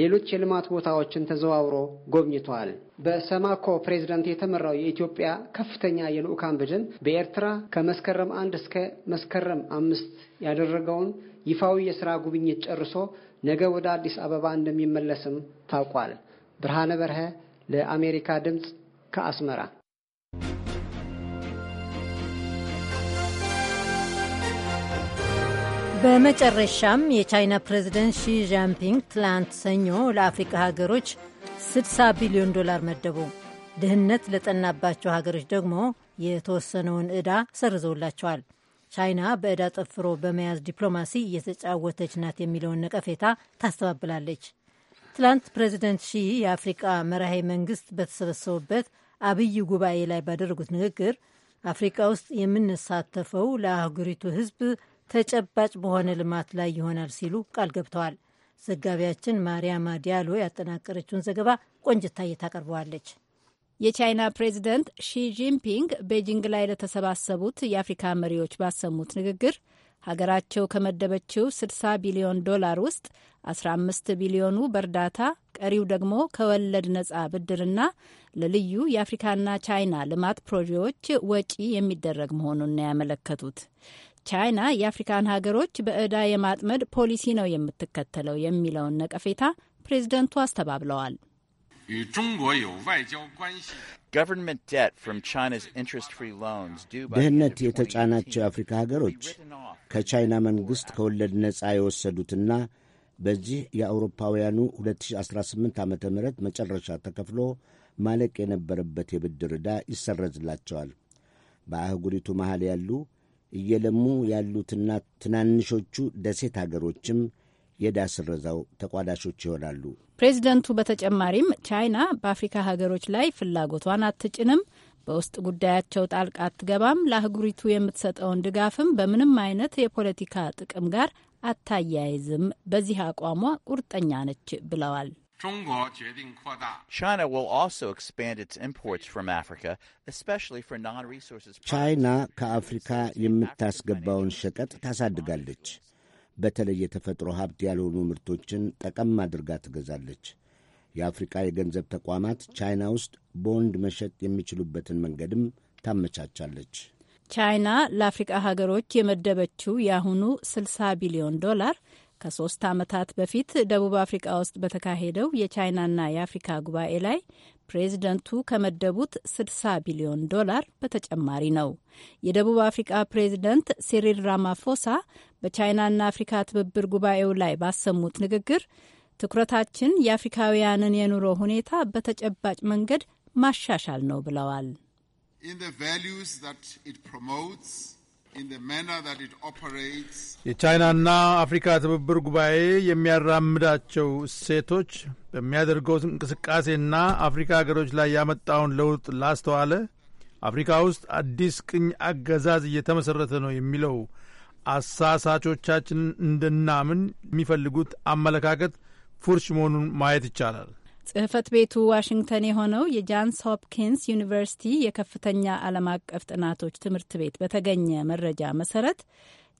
ሌሎች የልማት ቦታዎችን ተዘዋውሮ ጎብኝቷል። በሰማኮ ፕሬዝዳንት የተመራው የኢትዮጵያ ከፍተኛ የልዑካን ቡድን በኤርትራ ከመስከረም አንድ እስከ መስከረም አምስት ያደረገውን ይፋዊ የስራ ጉብኝት ጨርሶ ነገ ወደ አዲስ አበባ እንደሚመለስም ታውቋል። ብርሃነ በርሀ ለአሜሪካ ድምፅ ከአስመራ በመጨረሻም የቻይና ፕሬዚደንት ሺ ዣምፒንግ ትላንት ሰኞ ለአፍሪካ ሀገሮች 60 ቢሊዮን ዶላር መደቡ። ድህነት ለጠናባቸው ሀገሮች ደግሞ የተወሰነውን ዕዳ ሰርዘውላቸዋል። ቻይና በዕዳ ጠፍሮ በመያዝ ዲፕሎማሲ እየተጫወተች ናት የሚለውን ነቀፌታ ታስተባብላለች። ትላንት ፕሬዚደንት ሺ የአፍሪቃ መራሄ መንግስት በተሰበሰቡበት አብይ ጉባኤ ላይ ባደረጉት ንግግር አፍሪቃ ውስጥ የምንሳተፈው ለአህጉሪቱ ህዝብ ። ተጨባጭ በሆነ ልማት ላይ ይሆናል ሲሉ ቃል ገብተዋል። ዘጋቢያችን ማርያማ ዲያሎ ያጠናቀረችውን ዘገባ ቆንጅታዬ ታቀርበዋለች። የቻይና ፕሬዚደንት ሺጂንፒንግ ቤጂንግ ላይ ለተሰባሰቡት የአፍሪካ መሪዎች ባሰሙት ንግግር ሀገራቸው ከመደበችው 60 ቢሊዮን ዶላር ውስጥ 15 ቢሊዮኑ በእርዳታ ቀሪው ደግሞ ከወለድ ነጻ ብድርና ለልዩ የአፍሪካና ቻይና ልማት ፕሮጀዎች ወጪ የሚደረግ መሆኑን ያመለከቱት። ቻይና የአፍሪካን ሀገሮች በዕዳ የማጥመድ ፖሊሲ ነው የምትከተለው የሚለውን ነቀፌታ ፕሬዝደንቱ አስተባብለዋል። ድህነት የተጫናቸው የአፍሪካ ሀገሮች ከቻይና መንግሥት ከወለድ ነፃ የወሰዱትና በዚህ የአውሮፓውያኑ 2018 ዓ ም መጨረሻ ተከፍሎ ማለቅ የነበረበት የብድር ዕዳ ይሰረዝላቸዋል። በአህጉሪቱ መሃል ያሉ እየለሙ ያሉትና ትናንሾቹ ደሴት አገሮችም የዳስ ረዛው ተቋዳሾች ይሆናሉ። ፕሬዚደንቱ በተጨማሪም ቻይና በአፍሪካ ሀገሮች ላይ ፍላጎቷን አትጭንም፣ በውስጥ ጉዳያቸው ጣልቃ አትገባም፣ ለአህጉሪቱ የምትሰጠውን ድጋፍም በምንም አይነት የፖለቲካ ጥቅም ጋር አታያይዝም፣ በዚህ አቋሟ ቁርጠኛ ነች ብለዋል። China will also expand its imports from Africa, especially for non-resources. ቻይና ከአፍሪካ የምታስገባውን ሸቀጥ ታሳድጋለች። በተለይ የተፈጥሮ ሀብት ያልሆኑ ምርቶችን ጠቀም አድርጋ ትገዛለች። የአፍሪካ የገንዘብ ተቋማት ቻይና ውስጥ ቦንድ መሸጥ የሚችሉበትን መንገድም ታመቻቻለች። ቻይና ለአፍሪቃ ሀገሮች የመደበችው የአሁኑ 60 ቢሊዮን ዶላር ከሶስት ዓመታት በፊት ደቡብ አፍሪካ ውስጥ በተካሄደው የቻይናና የአፍሪካ ጉባኤ ላይ ፕሬዝደንቱ ከመደቡት 60 ቢሊዮን ዶላር በተጨማሪ ነው። የደቡብ አፍሪካ ፕሬዝደንት ሲሪል ራማፎሳ በቻይናና አፍሪካ ትብብር ጉባኤው ላይ ባሰሙት ንግግር ትኩረታችን የአፍሪካውያንን የኑሮ ሁኔታ በተጨባጭ መንገድ ማሻሻል ነው ብለዋል። In the values that it promotes, የቻይናና አፍሪካ ትብብር ጉባኤ የሚያራምዳቸው እሴቶች በሚያደርገው እንቅስቃሴና አፍሪካ ሀገሮች ላይ ያመጣውን ለውጥ ላስተዋለ አፍሪካ ውስጥ አዲስ ቅኝ አገዛዝ እየተመሠረተ ነው የሚለው አሳሳቾቻችን እንድናምን የሚፈልጉት አመለካከት ፉርሽ መሆኑን ማየት ይቻላል። ጽህፈት ቤቱ ዋሽንግተን የሆነው የጃንስ ሆፕኪንስ ዩኒቨርሲቲ የከፍተኛ ዓለም አቀፍ ጥናቶች ትምህርት ቤት በተገኘ መረጃ መሰረት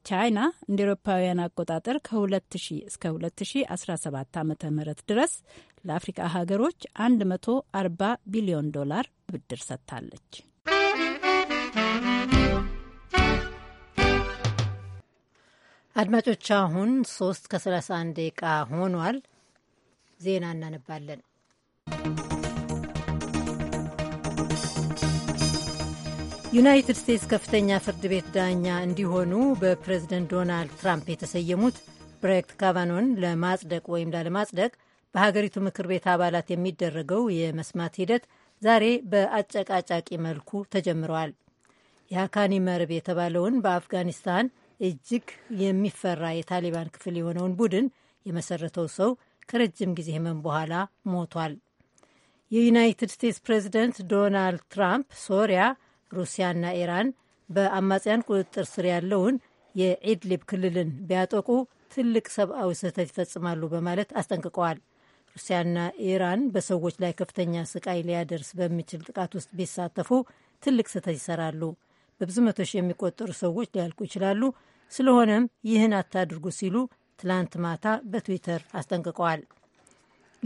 ቻይና እንደ ኤሮፓውያን አቆጣጠር ከ2000 እስከ 2017 ዓ ም ድረስ ለአፍሪካ ሀገሮች 140 ቢሊዮን ዶላር ብድር ሰጥታለች። አድማጮች አሁን 3 ከ31 ደቂቃ ሆኗል። ዜና እናነባለን። ዩናይትድ ስቴትስ ከፍተኛ ፍርድ ቤት ዳኛ እንዲሆኑ በፕሬዝደንት ዶናልድ ትራምፕ የተሰየሙት ብሬክት ካቫኖን ለማጽደቅ ወይም ላለማጽደቅ በሀገሪቱ ምክር ቤት አባላት የሚደረገው የመስማት ሂደት ዛሬ በአጨቃጫቂ መልኩ ተጀምረዋል። የሀካኒ መርብ የተባለውን በአፍጋኒስታን እጅግ የሚፈራ የታሊባን ክፍል የሆነውን ቡድን የመሰረተው ሰው ከረጅም ጊዜ ህመም በኋላ ሞቷል። የዩናይትድ ስቴትስ ፕሬዚደንት ዶናልድ ትራምፕ ሶሪያ፣ ሩሲያና ኢራን በአማጽያን ቁጥጥር ስር ያለውን የኢድሊብ ክልልን ቢያጠቁ ትልቅ ሰብአዊ ስህተት ይፈጽማሉ በማለት አስጠንቅቀዋል። ሩሲያና ኢራን በሰዎች ላይ ከፍተኛ ስቃይ ሊያደርስ በሚችል ጥቃት ውስጥ ቢሳተፉ ትልቅ ስህተት ይሰራሉ። በብዙ መቶ ሺህ የሚቆጠሩ ሰዎች ሊያልቁ ይችላሉ። ስለሆነም ይህን አታድርጉ ሲሉ ትላንት ማታ በትዊተር አስጠንቅቀዋል።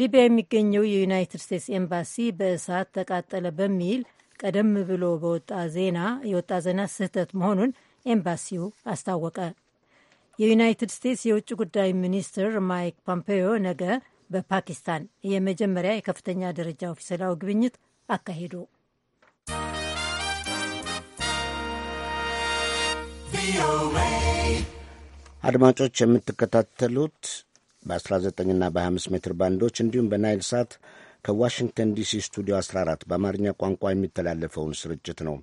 ሊቢያ የሚገኘው የዩናይትድ ስቴትስ ኤምባሲ በእሳት ተቃጠለ በሚል ቀደም ብሎ በወጣ ዜና የወጣ ዜና ስህተት መሆኑን ኤምባሲው አስታወቀ። የዩናይትድ ስቴትስ የውጭ ጉዳይ ሚኒስትር ማይክ ፖምፔዮ ነገ በፓኪስታን የመጀመሪያ የከፍተኛ ደረጃ ኦፊሴላዊ ግብኝት አካሄዱ። አድማጮች የምትከታተሉት በ19ና በ25 ሜትር ባንዶች እንዲሁም በናይል ሳት ከዋሽንግተን ዲሲ ስቱዲዮ 14 በአማርኛ ቋንቋ የሚተላለፈውን ስርጭት ነው።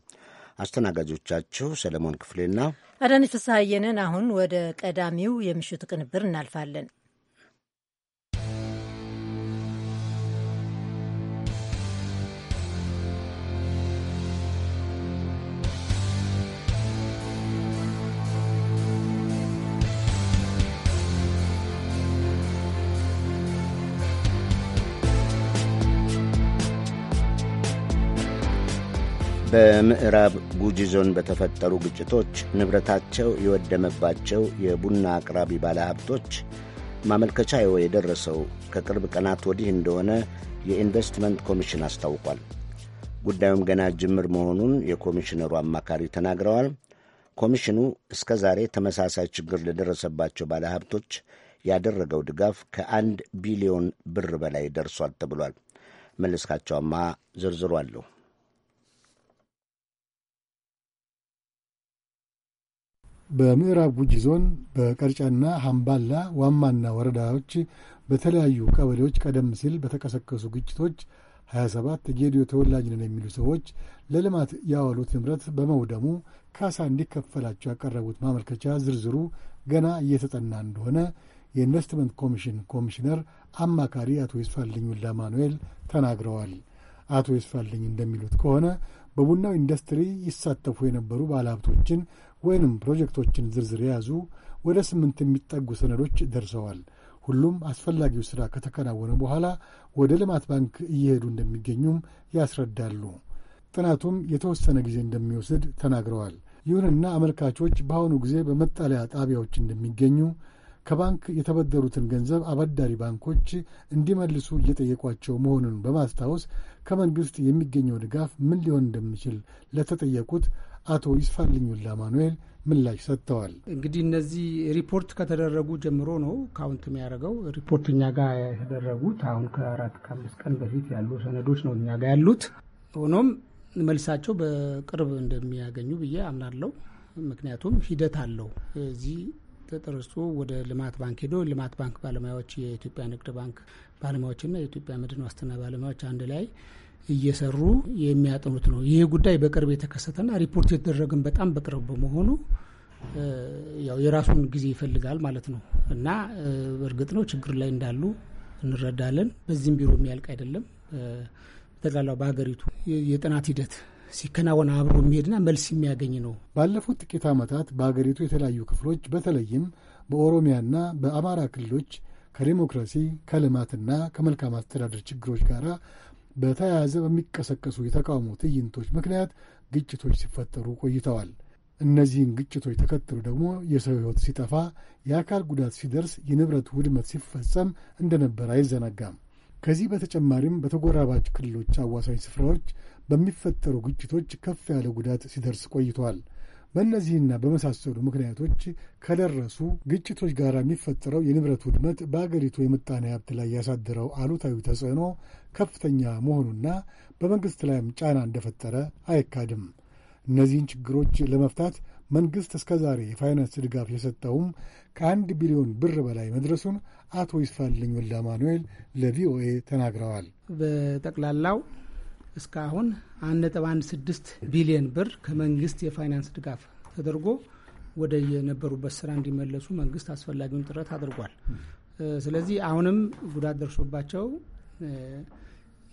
አስተናጋጆቻችሁ ሰለሞን ክፍሌና አዳነች ፍስሐየንን። አሁን ወደ ቀዳሚው የምሽቱ ቅንብር እናልፋለን። በምዕራብ ጉጂ ዞን በተፈጠሩ ግጭቶች ንብረታቸው የወደመባቸው የቡና አቅራቢ ባለሀብቶች ማመልከቻ የደረሰው ከቅርብ ቀናት ወዲህ እንደሆነ የኢንቨስትመንት ኮሚሽን አስታውቋል። ጉዳዩም ገና ጅምር መሆኑን የኮሚሽነሩ አማካሪ ተናግረዋል። ኮሚሽኑ እስከ ዛሬ ተመሳሳይ ችግር ለደረሰባቸው ባለሀብቶች ያደረገው ድጋፍ ከአንድ ቢሊዮን ብር በላይ ደርሷል ተብሏል። መለስካቸው አማሃ ዝርዝሩ አለሁ በምዕራብ ጉጂ ዞን በቀርጫና ሃምባላ ዋማና ወረዳዎች በተለያዩ ቀበሌዎች ቀደም ሲል በተቀሰቀሱ ግጭቶች 27 ጌዲዮ ተወላጅ ነን የሚሉ ሰዎች ለልማት ያዋሉት ንብረት በመውደሙ ካሳ እንዲከፈላቸው ያቀረቡት ማመልከቻ ዝርዝሩ ገና እየተጠና እንደሆነ የኢንቨስትመንት ኮሚሽን ኮሚሽነር አማካሪ አቶ ይስፋልኝ ውላ ማኑኤል ተናግረዋል። አቶ ይስፋልኝ እንደሚሉት ከሆነ በቡናው ኢንዱስትሪ ይሳተፉ የነበሩ ባለሀብቶችን ወይንም ፕሮጀክቶችን ዝርዝር የያዙ ወደ ስምንት የሚጠጉ ሰነዶች ደርሰዋል። ሁሉም አስፈላጊው ሥራ ከተከናወነ በኋላ ወደ ልማት ባንክ እየሄዱ እንደሚገኙም ያስረዳሉ። ጥናቱም የተወሰነ ጊዜ እንደሚወስድ ተናግረዋል። ይሁንና አመልካቾች በአሁኑ ጊዜ በመጠለያ ጣቢያዎች እንደሚገኙ ከባንክ የተበደሩትን ገንዘብ አበዳሪ ባንኮች እንዲመልሱ እየጠየቋቸው መሆኑን በማስታወስ ከመንግሥት የሚገኘው ድጋፍ ምን ሊሆን እንደሚችል ለተጠየቁት አቶ ይስፋልኝ ወልደ ማኑኤል ምላሽ ሰጥተዋል። እንግዲህ እነዚህ ሪፖርት ከተደረጉ ጀምሮ ነው ካውንት የሚያደርገው። ሪፖርት እኛ ጋር የተደረጉት አሁን ከአራት ከአምስት ቀን በፊት ያሉ ሰነዶች ነው እኛ ጋር ያሉት። ሆኖም መልሳቸው በቅርብ እንደሚያገኙ ብዬ አምናለሁ። ምክንያቱም ሂደት አለው። እዚህ ተጠርሶ ወደ ልማት ባንክ ሄዶ ልማት ባንክ ባለሙያዎች፣ የኢትዮጵያ ንግድ ባንክ ባለሙያዎችና የኢትዮጵያ መድን ዋስትና ባለሙያዎች አንድ ላይ እየሰሩ የሚያጥኑት ነው። ይህ ጉዳይ በቅርብ የተከሰተና ሪፖርት የተደረገን በጣም በቅርብ በመሆኑ ያው የራሱን ጊዜ ይፈልጋል ማለት ነው እና እርግጥ ነው ችግር ላይ እንዳሉ እንረዳለን። በዚህም ቢሮ የሚያልቅ አይደለም። በጠቅላላው በሀገሪቱ የጥናት ሂደት ሲከናወን አብሮ የሚሄድና መልስ የሚያገኝ ነው። ባለፉት ጥቂት ዓመታት በሀገሪቱ የተለያዩ ክፍሎች በተለይም በኦሮሚያና በአማራ ክልሎች ከዲሞክራሲ ከልማትና ከመልካም አስተዳደር ችግሮች ጋር በተያያዘ በሚቀሰቀሱ የተቃውሞ ትዕይንቶች ምክንያት ግጭቶች ሲፈጠሩ ቆይተዋል። እነዚህን ግጭቶች ተከትሎ ደግሞ የሰው ሕይወት ሲጠፋ፣ የአካል ጉዳት ሲደርስ፣ የንብረት ውድመት ሲፈጸም እንደነበር አይዘነጋም። ከዚህ በተጨማሪም በተጎራባች ክልሎች አዋሳኝ ስፍራዎች በሚፈጠሩ ግጭቶች ከፍ ያለ ጉዳት ሲደርስ ቆይተዋል። በእነዚህና በመሳሰሉ ምክንያቶች ከደረሱ ግጭቶች ጋር የሚፈጠረው የንብረት ውድመት በአገሪቱ የምጣኔ ሀብት ላይ ያሳደረው አሉታዊ ተጽዕኖ ከፍተኛ መሆኑና በመንግሥት ላይም ጫና እንደፈጠረ አይካድም። እነዚህን ችግሮች ለመፍታት መንግሥት እስከ ዛሬ የፋይናንስ ድጋፍ የሰጠውም ከአንድ ቢሊዮን ብር በላይ መድረሱን አቶ ይስፋልኝ ወልደ አማኑኤል ለቪኦኤ ተናግረዋል። በጠቅላላው እስካሁን 1.16 ቢሊዮን ብር ከመንግስት የፋይናንስ ድጋፍ ተደርጎ ወደ የነበሩበት ስራ እንዲመለሱ መንግስት አስፈላጊውን ጥረት አድርጓል። ስለዚህ አሁንም ጉዳት ደርሶባቸው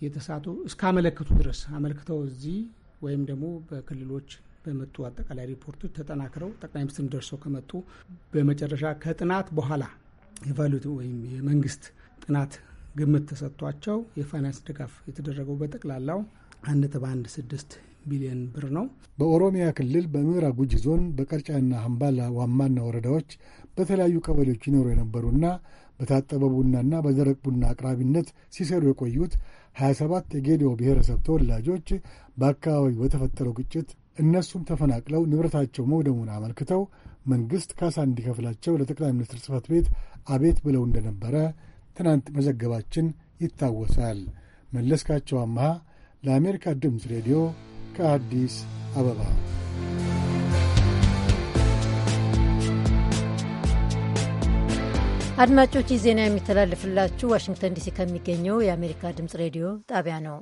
የተሳቱ እስካመለከቱ ድረስ አመልክተው እዚህ ወይም ደግሞ በክልሎች በመጡ አጠቃላይ ሪፖርቶች ተጠናክረው ጠቅላይ ሚኒስትር ደርሰው ከመጡ በመጨረሻ ከጥናት በኋላ የቫሉት ወይም የመንግስት ጥናት ግምት ተሰጥቷቸው የፋይናንስ ድጋፍ የተደረገው በጠቅላላው አንድ ነጥብ አንድ ስድስት ቢሊዮን ብር ነው። በኦሮሚያ ክልል በምዕራብ ጉጂ ዞን በቀርጫና አምባላ ዋማና ወረዳዎች በተለያዩ ቀበሌዎች ይኖሩ የነበሩና በታጠበ ቡናና በደረቅ ቡና አቅራቢነት ሲሰሩ የቆዩት 27 የጌዲዮ ብሔረሰብ ተወላጆች በአካባቢው በተፈጠረው ግጭት እነሱም ተፈናቅለው ንብረታቸው መውደሙን አመልክተው መንግሥት ካሳ እንዲከፍላቸው ለጠቅላይ ሚኒስትር ጽፈት ቤት አቤት ብለው እንደነበረ ትናንት መዘገባችን ይታወሳል። መለስካቸው አመሃ ለአሜሪካ ድምፅ ሬዲዮ ከአዲስ አበባ አድማጮች ይህ ዜና የሚተላለፍላችሁ ዋሽንግተን ዲሲ ከሚገኘው የአሜሪካ ድምፅ ሬዲዮ ጣቢያ ነው።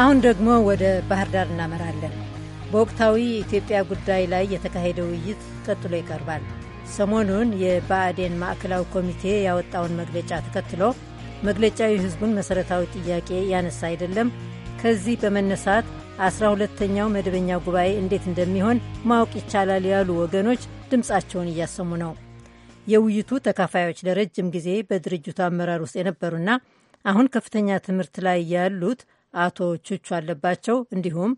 አሁን ደግሞ ወደ ባህር ዳር እናመራለን። በወቅታዊ የኢትዮጵያ ጉዳይ ላይ የተካሄደ ውይይት ቀጥሎ ይቀርባል። ሰሞኑን የባዕዴን ማዕከላዊ ኮሚቴ ያወጣውን መግለጫ ተከትሎ መግለጫው የሕዝቡን መሠረታዊ ጥያቄ ያነሳ አይደለም፣ ከዚህ በመነሳት አስራ ሁለተኛው መደበኛ ጉባኤ እንዴት እንደሚሆን ማወቅ ይቻላል ያሉ ወገኖች ድምፃቸውን እያሰሙ ነው። የውይይቱ ተካፋዮች ለረጅም ጊዜ በድርጅቱ አመራር ውስጥ የነበሩና አሁን ከፍተኛ ትምህርት ላይ ያሉት አቶ ቹቹ አለባቸው እንዲሁም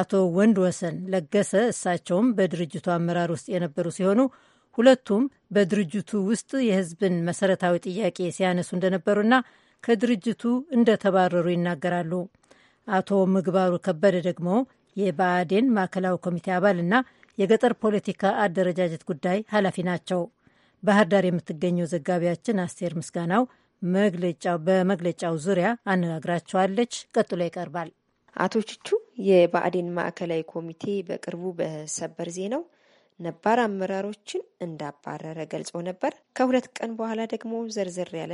አቶ ወንድ ወሰን ለገሰ እሳቸውም በድርጅቱ አመራር ውስጥ የነበሩ ሲሆኑ ሁለቱም በድርጅቱ ውስጥ የሕዝብን መሰረታዊ ጥያቄ ሲያነሱ እንደነበሩና ከድርጅቱ እንደተባረሩ ይናገራሉ። አቶ ምግባሩ ከበደ ደግሞ የብአዴን ማዕከላዊ ኮሚቴ አባልና የገጠር ፖለቲካ አደረጃጀት ጉዳይ ኃላፊ ናቸው። ባህር ዳር የምትገኘው ዘጋቢያችን አስቴር ምስጋናው በመግለጫው ዙሪያ አነጋግራቸዋለች። ቀጥሎ ይቀርባል። አቶ ቹቹ የባዕዴን ማዕከላዊ ኮሚቴ በቅርቡ በሰበር ዜናው ነባር አመራሮችን እንዳባረረ ገልጸው ነበር። ከሁለት ቀን በኋላ ደግሞ ዘርዘር ያለ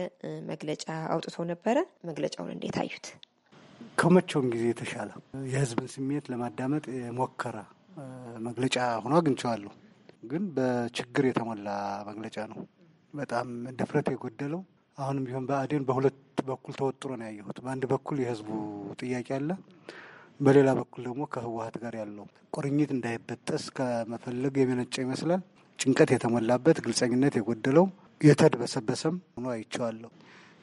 መግለጫ አውጥቶ ነበረ። መግለጫውን እንዴት አዩት? ከመቼውም ጊዜ የተሻለ የህዝብን ስሜት ለማዳመጥ የሞከረ መግለጫ ሆኖ አግኝቼዋለሁ። ግን በችግር የተሞላ መግለጫ ነው። በጣም ድፍረት የጎደለው አሁንም ቢሆን ብአዴን በሁለት በኩል ተወጥሮ ነው ያየሁት። በአንድ በኩል የህዝቡ ጥያቄ አለ፣ በሌላ በኩል ደግሞ ከህወሀት ጋር ያለው ቁርኝት እንዳይበጠስ ከመፈለግ የመነጨ ይመስላል። ጭንቀት የተሞላበት ግልጸኝነት የጎደለው የተድበሰበሰም ሆኖ አይቼዋለሁ።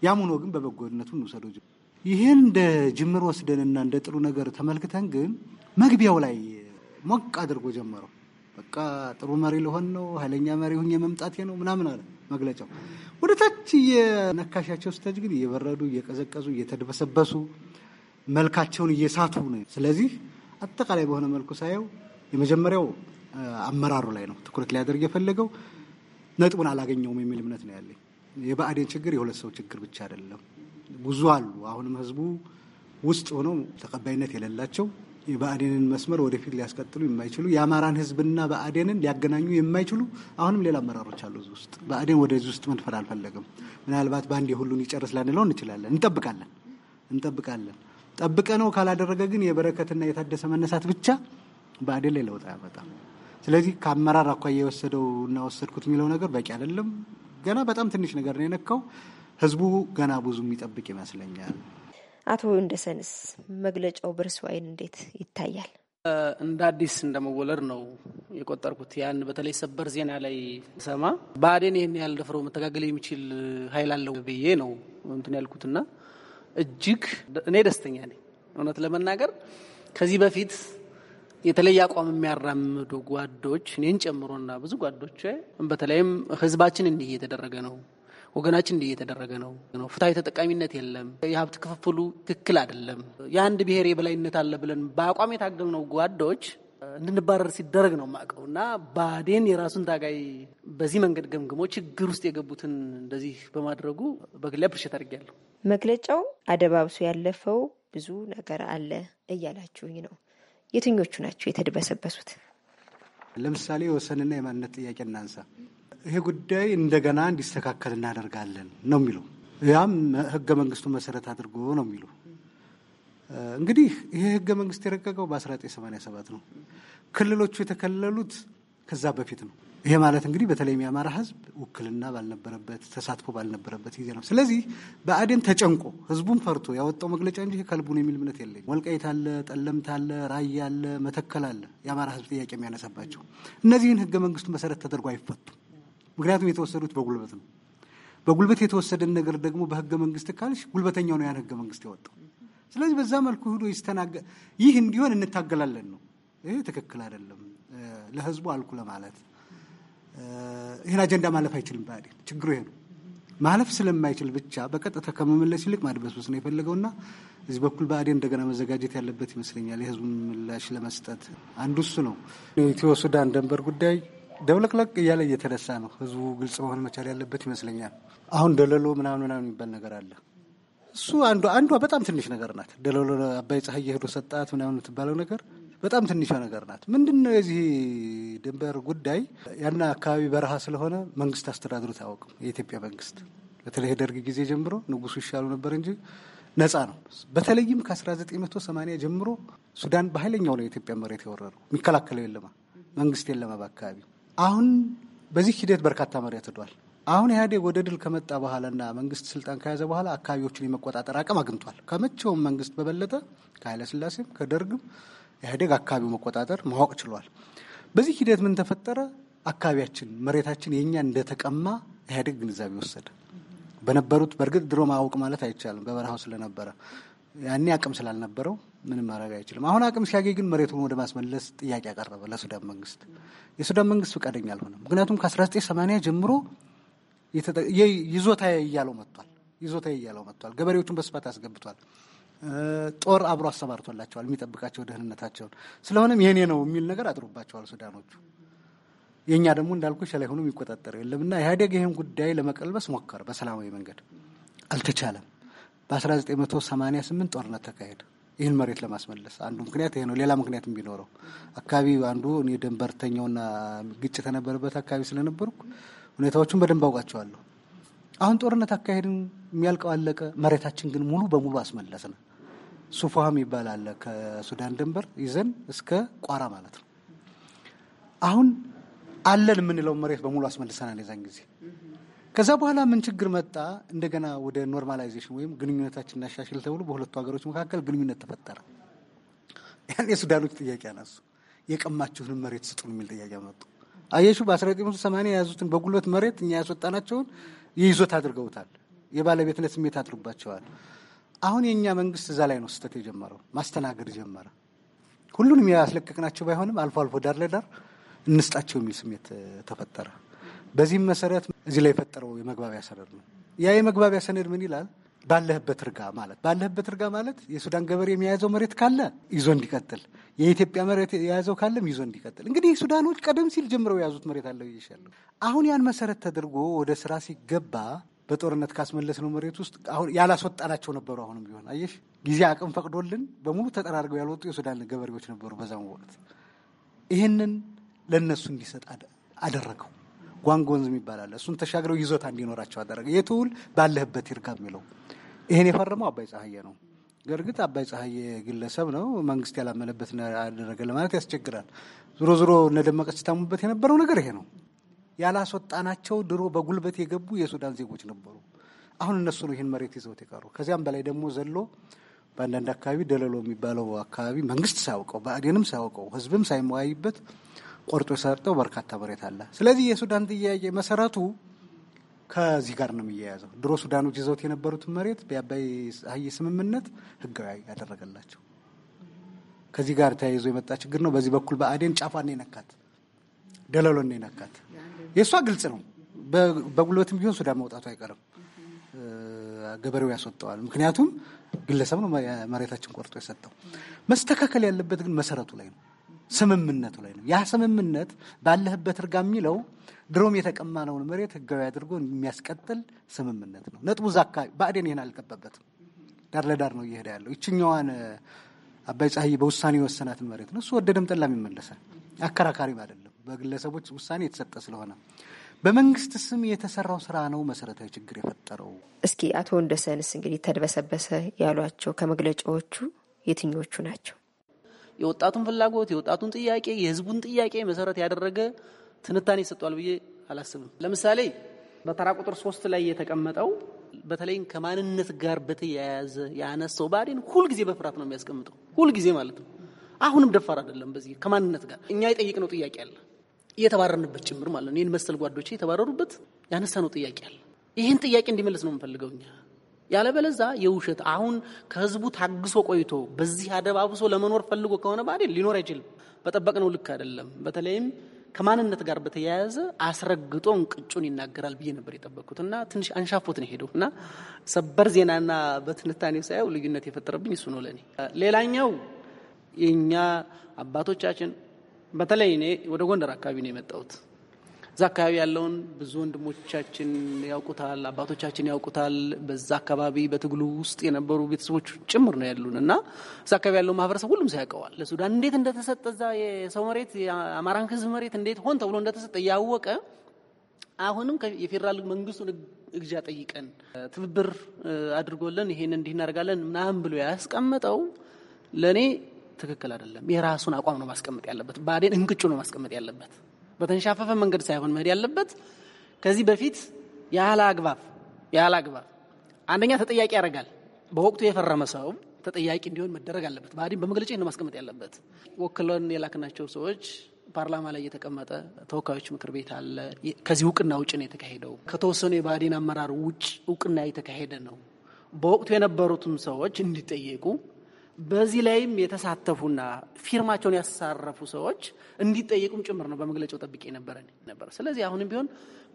ያም ሆኖ ግን በበጎነቱ እንውሰደው። ይህን እንደ ጅምር ወስደንና እንደ ጥሩ ነገር ተመልክተን ግን መግቢያው ላይ ሞቅ አድርጎ ጀመረው። በቃ ጥሩ መሪ ልሆን ነው፣ ኃይለኛ መሪ ሁኜ መምጣቴ ነው ምናምን አለ መግለጫው። ወደ ታች እየነካሻቸው ስተጅ ግን እየበረዱ እየቀዘቀዙ እየተደበሰበሱ መልካቸውን እየሳቱ ነው። ስለዚህ አጠቃላይ በሆነ መልኩ ሳየው የመጀመሪያው አመራሩ ላይ ነው ትኩረት ሊያደርግ የፈለገው ነጥቡን አላገኘውም የሚል እምነት ነው ያለኝ። የብአዴን ችግር የሁለት ሰው ችግር ብቻ አይደለም፣ ብዙ አሉ። አሁንም ህዝቡ ውስጥ ሆኖ ተቀባይነት የሌላቸው የብአዴንን መስመር ወደፊት ሊያስቀጥሉ የማይችሉ የአማራን ህዝብና ብአዴንን ሊያገናኙ የማይችሉ አሁንም ሌላ አመራሮች አሉ እዚህ ውስጥ። ብአዴን ወደዚህ ውስጥ መንፈር አልፈለግም። ምናልባት በአንድ የሁሉን ይጨርስ ላንለው እንችላለን። እንጠብቃለን እንጠብቃለን። ጠብቀ ነው ካላደረገ ግን የበረከትና የታደሰ መነሳት ብቻ ብአዴን ላይ ለውጥ አያመጣም። ስለዚህ ከአመራር አኳያ የወሰደው እና ወሰድኩት የሚለው ነገር በቂ አይደለም። ገና በጣም ትንሽ ነገር ነው የነካው። ህዝቡ ገና ብዙ የሚጠብቅ ይመስለኛል። አቶ እንደሰንስ መግለጫው በእርስ አይን እንዴት ይታያል? እንደ አዲስ እንደመወለድ ነው የቆጠርኩት። ያን በተለይ ሰበር ዜና ላይ ሰማ ብአዴን ይህን ያህል ደፍሮ መተጋገል የሚችል ኃይል አለው ብዬ ነው እንትን ያልኩትና እጅግ እኔ ደስተኛ ነኝ። እውነት ለመናገር ከዚህ በፊት የተለየ አቋም የሚያራምዱ ጓዶች እኔን ጨምሮና ብዙ ጓዶች በተለይም ህዝባችን እንዲህ እየተደረገ ነው ወገናችን እንዲህ እየተደረገ ነው። ፍትሐዊ ተጠቃሚነት የለም። የሀብት ክፍፍሉ ትክክል አይደለም። የአንድ ብሔር የበላይነት አለ ብለን በአቋም የታገልነው ጓዶች እንድንባረር ሲደረግ ነው ማቀው እና ባዴን የራሱን ታጋይ በዚህ መንገድ ገምግሞ ችግር ውስጥ የገቡትን እንደዚህ በማድረጉ በግሌ አፕሪሼት አድርጌያለሁ። መግለጫው አደባብሶ ያለፈው ብዙ ነገር አለ እያላችሁኝ ነው። የትኞቹ ናቸው የተድበሰበሱት? ለምሳሌ የወሰንና የማንነት ጥያቄ እናንሳ። ይሄ ጉዳይ እንደገና እንዲስተካከል እናደርጋለን ነው የሚለው። ያም ህገ መንግስቱ መሰረት አድርጎ ነው የሚለው። እንግዲህ ይሄ ህገ መንግስት የረቀቀው በ1987 ነው። ክልሎቹ የተከለሉት ከዛ በፊት ነው። ይሄ ማለት እንግዲህ በተለይም የአማራ ህዝብ ውክልና ባልነበረበት፣ ተሳትፎ ባልነበረበት ጊዜ ነው። ስለዚህ በአዴን ተጨንቆ ህዝቡን ፈርቶ ያወጣው መግለጫ እንጂ ከልቡን የሚል እምነት የለኝ። ወልቃይት አለ፣ ጠለምት አለ፣ ራያ አለ፣ መተከል አለ የአማራ ህዝብ ጥያቄ የሚያነሳባቸው እነዚህን ህገ መንግስቱ መሰረት ተደርጎ አይፈቱም። ምክንያቱም የተወሰዱት በጉልበት ነው። በጉልበት የተወሰደን ነገር ደግሞ በህገ መንግስት ካልሽ ጉልበተኛው ነው ያን ህገ መንግስት ያወጣው። ስለዚህ በዛ መልኩ ሂዶ ይስተናገ ይህ እንዲሆን እንታገላለን ነው። ይህ ትክክል አይደለም። ለህዝቡ አልኩ ለማለት ይህን አጀንዳ ማለፍ አይችልም። ብአዴን ችግሩ ይሄ ነው። ማለፍ ስለማይችል ብቻ በቀጥታ ከመመለስ ይልቅ ማድበስበስ ነው የፈለገውና እዚህ በኩል ብአዴን እንደገና መዘጋጀት ያለበት ይመስለኛል። የህዝቡን ምላሽ ለመስጠት አንዱ እሱ ነው። ኢትዮ ሱዳን ደንበር ጉዳይ ደብለቅለቅ እያለ እየተነሳ ነው። ህዝቡ ግልጽ መሆን መቻል ያለበት ይመስለኛል። አሁን ደለሎ ምናምን ምናምን የሚባል ነገር አለ። እሱ አንዷ አንዷ በጣም ትንሽ ነገር ናት። ደለሎ አባይ ፀሐይ የሄዶ ሰጣት ምናምን የምትባለው ነገር በጣም ትንሿ ነገር ናት። ምንድን ነው የዚህ ድንበር ጉዳይ ያና አካባቢ በረሃ ስለሆነ መንግስት አስተዳድሮ አያውቅም። የኢትዮጵያ መንግስት በተለይ ደርግ ጊዜ ጀምሮ ንጉሱ ይሻሉ ነበር እንጂ ነፃ ነው። በተለይም ከ1980 ጀምሮ ሱዳን በኃይለኛው ነው የኢትዮጵያ መሬት የወረረው። የሚከላከለው የለማ መንግስት የለማ በአካባቢው አሁን በዚህ ሂደት በርካታ መሪያ ተደዋል። አሁን ኢህአዴግ ወደ ድል ከመጣ በኋላና መንግስት ስልጣን ከያዘ በኋላ አካባቢዎችን የመቆጣጠር አቅም አግኝቷል። ከመቼውም መንግስት በበለጠ ስላሴም ከደርግም ኢህአዴግ አካባቢው መቆጣጠር ማወቅ ችሏል። በዚህ ሂደት ምን ተፈጠረ? አካባቢያችን መሬታችን የእኛ እንደተቀማ ኢህአዴግ ግንዛቤ ወሰደ። በነበሩት በእርግጥ ድሮ ማወቅ ማለት አይቻልም፣ በበረሃው ስለነበረ ያኔ አቅም ስላልነበረው ምንም ማድረግ አይችልም። አሁን አቅም ሲያገኝ ግን መሬቱን ወደ ማስመለስ ጥያቄ ያቀረበ ለሱዳን መንግስት። የሱዳን መንግስት ፈቃደኛ አልሆነም። ምክንያቱም ከ1980 ጀምሮ ይዞታ እያለው መጥቷል። ይዞታ እያለው መጥቷል። ገበሬዎቹን በስፋት አስገብቷል። ጦር አብሮ አሰማርቶላቸዋል የሚጠብቃቸው ደህንነታቸውን። ስለሆነም የኔ ነው የሚል ነገር አጥሩባቸዋል ሱዳኖቹ። የእኛ ደግሞ እንዳልኩ ሸላይ ሆኖ የሚቆጣጠረው የለምና ኢህአዴግ ይህን ጉዳይ ለመቀልበስ ሞከረ በሰላማዊ መንገድ፣ አልተቻለም። በ1988 ጦርነት ተካሄደ። ይህን መሬት ለማስመለስ አንዱ ምክንያት ይሄ ነው። ሌላ ምክንያትም ቢኖረው አካባቢ አንዱ እኔ ደንበርተኛውና ግጭት የነበረበት አካባቢ ስለነበርኩ ሁኔታዎቹን በደንብ አውቃቸዋለሁ። አሁን ጦርነት አካሄድን የሚያልቀው አለቀ። መሬታችን ግን ሙሉ በሙሉ አስመለስ ነው። ሱፋሃም ይባላል ከሱዳን ድንበር ይዘን እስከ ቋራ ማለት ነው። አሁን አለን የምንለው መሬት በሙሉ አስመልሰናል የዛን ጊዜ ከዛ በኋላ ምን ችግር መጣ? እንደገና ወደ ኖርማላይዜሽን ወይም ግንኙነታችን እናሻሽል ተብሎ በሁለቱ ሀገሮች መካከል ግንኙነት ተፈጠረ። ያኔ የሱዳኖች ጥያቄ አነሱ። የቀማችሁንም መሬት ስጡን የሚል ጥያቄ መጡ። አየሹ በ1980 የያዙትን በጉልበት መሬት እኛ ያስወጣናቸውን የይዞት አድርገውታል። የባለቤትነት ስሜት አድርባቸዋል። አሁን የእኛ መንግስት እዛ ላይ ነው ስህተት የጀመረው። ማስተናገድ ጀመረ። ሁሉንም ያስለቀቅናቸው ባይሆንም አልፎ አልፎ ዳር ለዳር እንስጣቸው የሚል ስሜት ተፈጠረ። በዚህም መሰረት እዚህ ላይ የፈጠረው የመግባቢያ ሰነድ ነው። ያ የመግባቢያ ሰነድ ምን ይላል? ባለህበት እርጋ ማለት ባለህበት እርጋ ማለት የሱዳን ገበሬ የሚያዘው መሬት ካለ ይዞ እንዲቀጥል፣ የኢትዮጵያ መሬት የያዘው ካለም ይዞ እንዲቀጥል። እንግዲህ ሱዳኖች ቀደም ሲል ጀምረው የያዙት መሬት አለ ይሻለሁ። አሁን ያን መሰረት ተደርጎ ወደ ስራ ሲገባ በጦርነት ካስመለስነው መሬት ውስጥ አሁን ያላስወጣናቸው ነበሩ። አሁንም ቢሆን አየሽ ጊዜ አቅም ፈቅዶልን በሙሉ ተጠራርገው ያልወጡ የሱዳን ገበሬዎች ነበሩ በዛም ወቅት። ይህንን ለእነሱ እንዲሰጥ አደረገው። ጓንግ ወንዝ የሚባል አለ። እሱን ተሻግረው ይዞታ እንዲኖራቸው አደረገ። የትውል ባለህበት ይርጋ የሚለው ይህን የፈረመው አባይ ፀሐዬ ነው። እርግጥ አባይ ፀሐዬ ግለሰብ ነው፣ መንግስት ያላመነበት አደረገ ለማለት ያስቸግራል። ዞሮ ዞሮ እነደመቀ ሲታሙበት የነበረው ነገር ይሄ ነው። ያላስወጣናቸው ድሮ በጉልበት የገቡ የሱዳን ዜጎች ነበሩ። አሁን እነሱ ነው ይህን መሬት ይዘውት የቀሩ። ከዚያም በላይ ደግሞ ዘሎ በአንዳንድ አካባቢ ደለሎ የሚባለው አካባቢ መንግስት ሳያውቀው፣ ብአዴንም ሳያውቀው፣ ህዝብም ሳይመዋይበት ቆርጦ የሰጠው በርካታ መሬት አለ። ስለዚህ የሱዳን ጥያቄ መሰረቱ ከዚህ ጋር ነው የሚያያዘው። ድሮ ሱዳኖች ይዘውት የነበሩትን መሬት በአባይ አህይ ስምምነት ህጋዊ ያደረገላቸው ከዚህ ጋር ተያይዞ የመጣ ችግር ነው። በዚህ በኩል በአዴን ነው የነካት ነው የነካት የእሷ ግልጽ ነው። በጉልበትም ቢሆን ሱዳን መውጣቱ አይቀርም። ገበሬው ያስወጠዋል። ምክንያቱም ግለሰብ ነው መሬታችን ቆርጦ የሰጠው። መስተካከል ያለበት ግን መሰረቱ ላይ ነው። ስምምነቱ ላይ ነው። ያ ስምምነት ባለህበት እርጋ የሚለው ድሮም የተቀማነውን መሬት ህጋዊ አድርጎ የሚያስቀጥል ስምምነት ነው። ነጥቡ እዛ አካባቢ ብአዴን ይህን አልቀበበትም። ዳር ለዳር ነው እየሄደ ያለው። ይችኛዋን አባይ ፀሐይ በውሳኔ የወሰናትን መሬት ነው እሱ ወደደም ጠላም ይመለሳል። አከራካሪም አይደለም። በግለሰቦች ውሳኔ የተሰጠ ስለሆነ በመንግስት ስም የተሰራው ስራ ነው መሰረታዊ ችግር የፈጠረው። እስኪ አቶ ወንደሰንስ እንግዲህ ተድበሰበሰ ያሏቸው ከመግለጫዎቹ የትኞቹ ናቸው? የወጣቱን ፍላጎት፣ የወጣቱን ጥያቄ፣ የህዝቡን ጥያቄ መሰረት ያደረገ ትንታኔ ይሰጧል ብዬ አላስብም። ለምሳሌ በተራ ቁጥር ሶስት ላይ የተቀመጠው በተለይም ከማንነት ጋር በተያያዘ ያነሳው ብአዴን ሁልጊዜ በፍርሃት ነው የሚያስቀምጠው፣ ሁልጊዜ ማለት ነው። አሁንም ደፋር አይደለም። በዚህ ከማንነት ጋር እኛ የጠየቅነው ጥያቄ አለ፣ እየተባረርንበት ጭምር ማለት ነው። ይህን መሰል ጓዶቼ የተባረሩበት ነው ጥያቄ አለ። ይህን ጥያቄ እንዲመለስ ነው የምንፈልገው እኛ ያለበለዛ የውሸት አሁን ከህዝቡ ታግሶ ቆይቶ በዚህ አደባብሶ ለመኖር ፈልጎ ከሆነ ባዴን ሊኖር አይችልም። በጠበቅነው ልክ አይደለም። በተለይም ከማንነት ጋር በተያያዘ አስረግጦ እንቅጩን ይናገራል ብዬ ነበር የጠበቅኩት እና ትንሽ አንሻፎት ነው እና ሰበር ዜናና በትንታኔ ሳየው ልዩነት የፈጠረብኝ እሱ ነው ለእኔ። ሌላኛው የእኛ አባቶቻችን በተለይ እኔ ወደ ጎንደር አካባቢ ነው የመጣሁት እዛ አካባቢ ያለውን ብዙ ወንድሞቻችን ያውቁታል፣ አባቶቻችን ያውቁታል። በዛ አካባቢ በትግሉ ውስጥ የነበሩ ቤተሰቦች ጭምር ነው ያሉን እና እዛ አካባቢ ያለው ማህበረሰብ ሁሉም ሲያውቀዋል። ለሱዳን እንዴት እንደተሰጠ እዛ የሰው መሬት የአማራን ህዝብ መሬት እንዴት ሆን ተብሎ እንደተሰጠ እያወቀ አሁንም የፌዴራል መንግስቱን እግዣ ጠይቀን ትብብር አድርጎልን ይሄን እንዲህ እናደርጋለን ምናምን ብሎ ያስቀመጠው ለእኔ ትክክል አይደለም። የራሱን አቋም ነው ማስቀመጥ ያለበት። ብአዴን እንቅጩ ነው ማስቀመጥ ያለበት። በተንሻፈፈ መንገድ ሳይሆን መሄድ ያለበት ከዚህ በፊት ያለ አግባብ ያለ አግባብ አንደኛ ተጠያቂ ያደርጋል። በወቅቱ የፈረመ ሰው ተጠያቂ እንዲሆን መደረግ አለበት። ብአዴን በመግለጫ ነው ማስቀመጥ ያለበት። ወክለን የላክናቸው ሰዎች ፓርላማ ላይ የተቀመጠ ተወካዮች ምክር ቤት አለ። ከዚህ እውቅና ውጭ ነው የተካሄደው። ከተወሰኑ የብአዴን አመራር ውጭ እውቅና የተካሄደ ነው። በወቅቱ የነበሩትም ሰዎች እንዲጠየቁ በዚህ ላይም የተሳተፉና ፊርማቸውን ያሳረፉ ሰዎች እንዲጠየቁም ጭምር ነው በመግለጫው ጠብቄ ነበረ ነበር። ስለዚህ አሁንም ቢሆን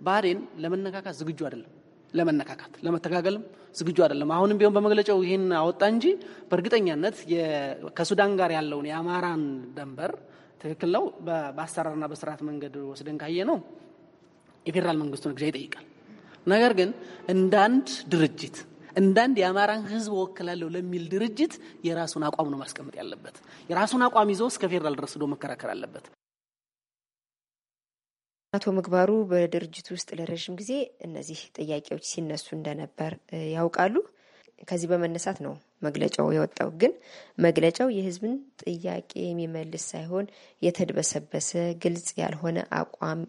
ባህሬን ለመነካካት ዝግጁ አይደለም፣ ለመነካካት ለመተጋገልም ዝግጁ አይደለም። አሁንም ቢሆን በመግለጫው ይህን አወጣ እንጂ በእርግጠኛነት ከሱዳን ጋር ያለውን የአማራን ደንበር ትክክል ነው በአሰራርና በስርዓት መንገድ ወስደን ካየ ነው የፌዴራል መንግስቱን ግዣ ይጠይቃል። ነገር ግን እንደ አንድ ድርጅት እንዳንድ የአማራን ህዝብ ወክላለሁ ለሚል ድርጅት የራሱን አቋም ነው ማስቀመጥ ያለበት። የራሱን አቋም ይዞ እስከ ፌዴራል ድረስ ዶ መከራከር አለበት። አቶ ምግባሩ በድርጅቱ ውስጥ ለረዥም ጊዜ እነዚህ ጥያቄዎች ሲነሱ እንደነበር ያውቃሉ። ከዚህ በመነሳት ነው መግለጫው የወጣው። ግን መግለጫው የህዝብን ጥያቄ የሚመልስ ሳይሆን የተድበሰበሰ ግልጽ ያልሆነ አቋም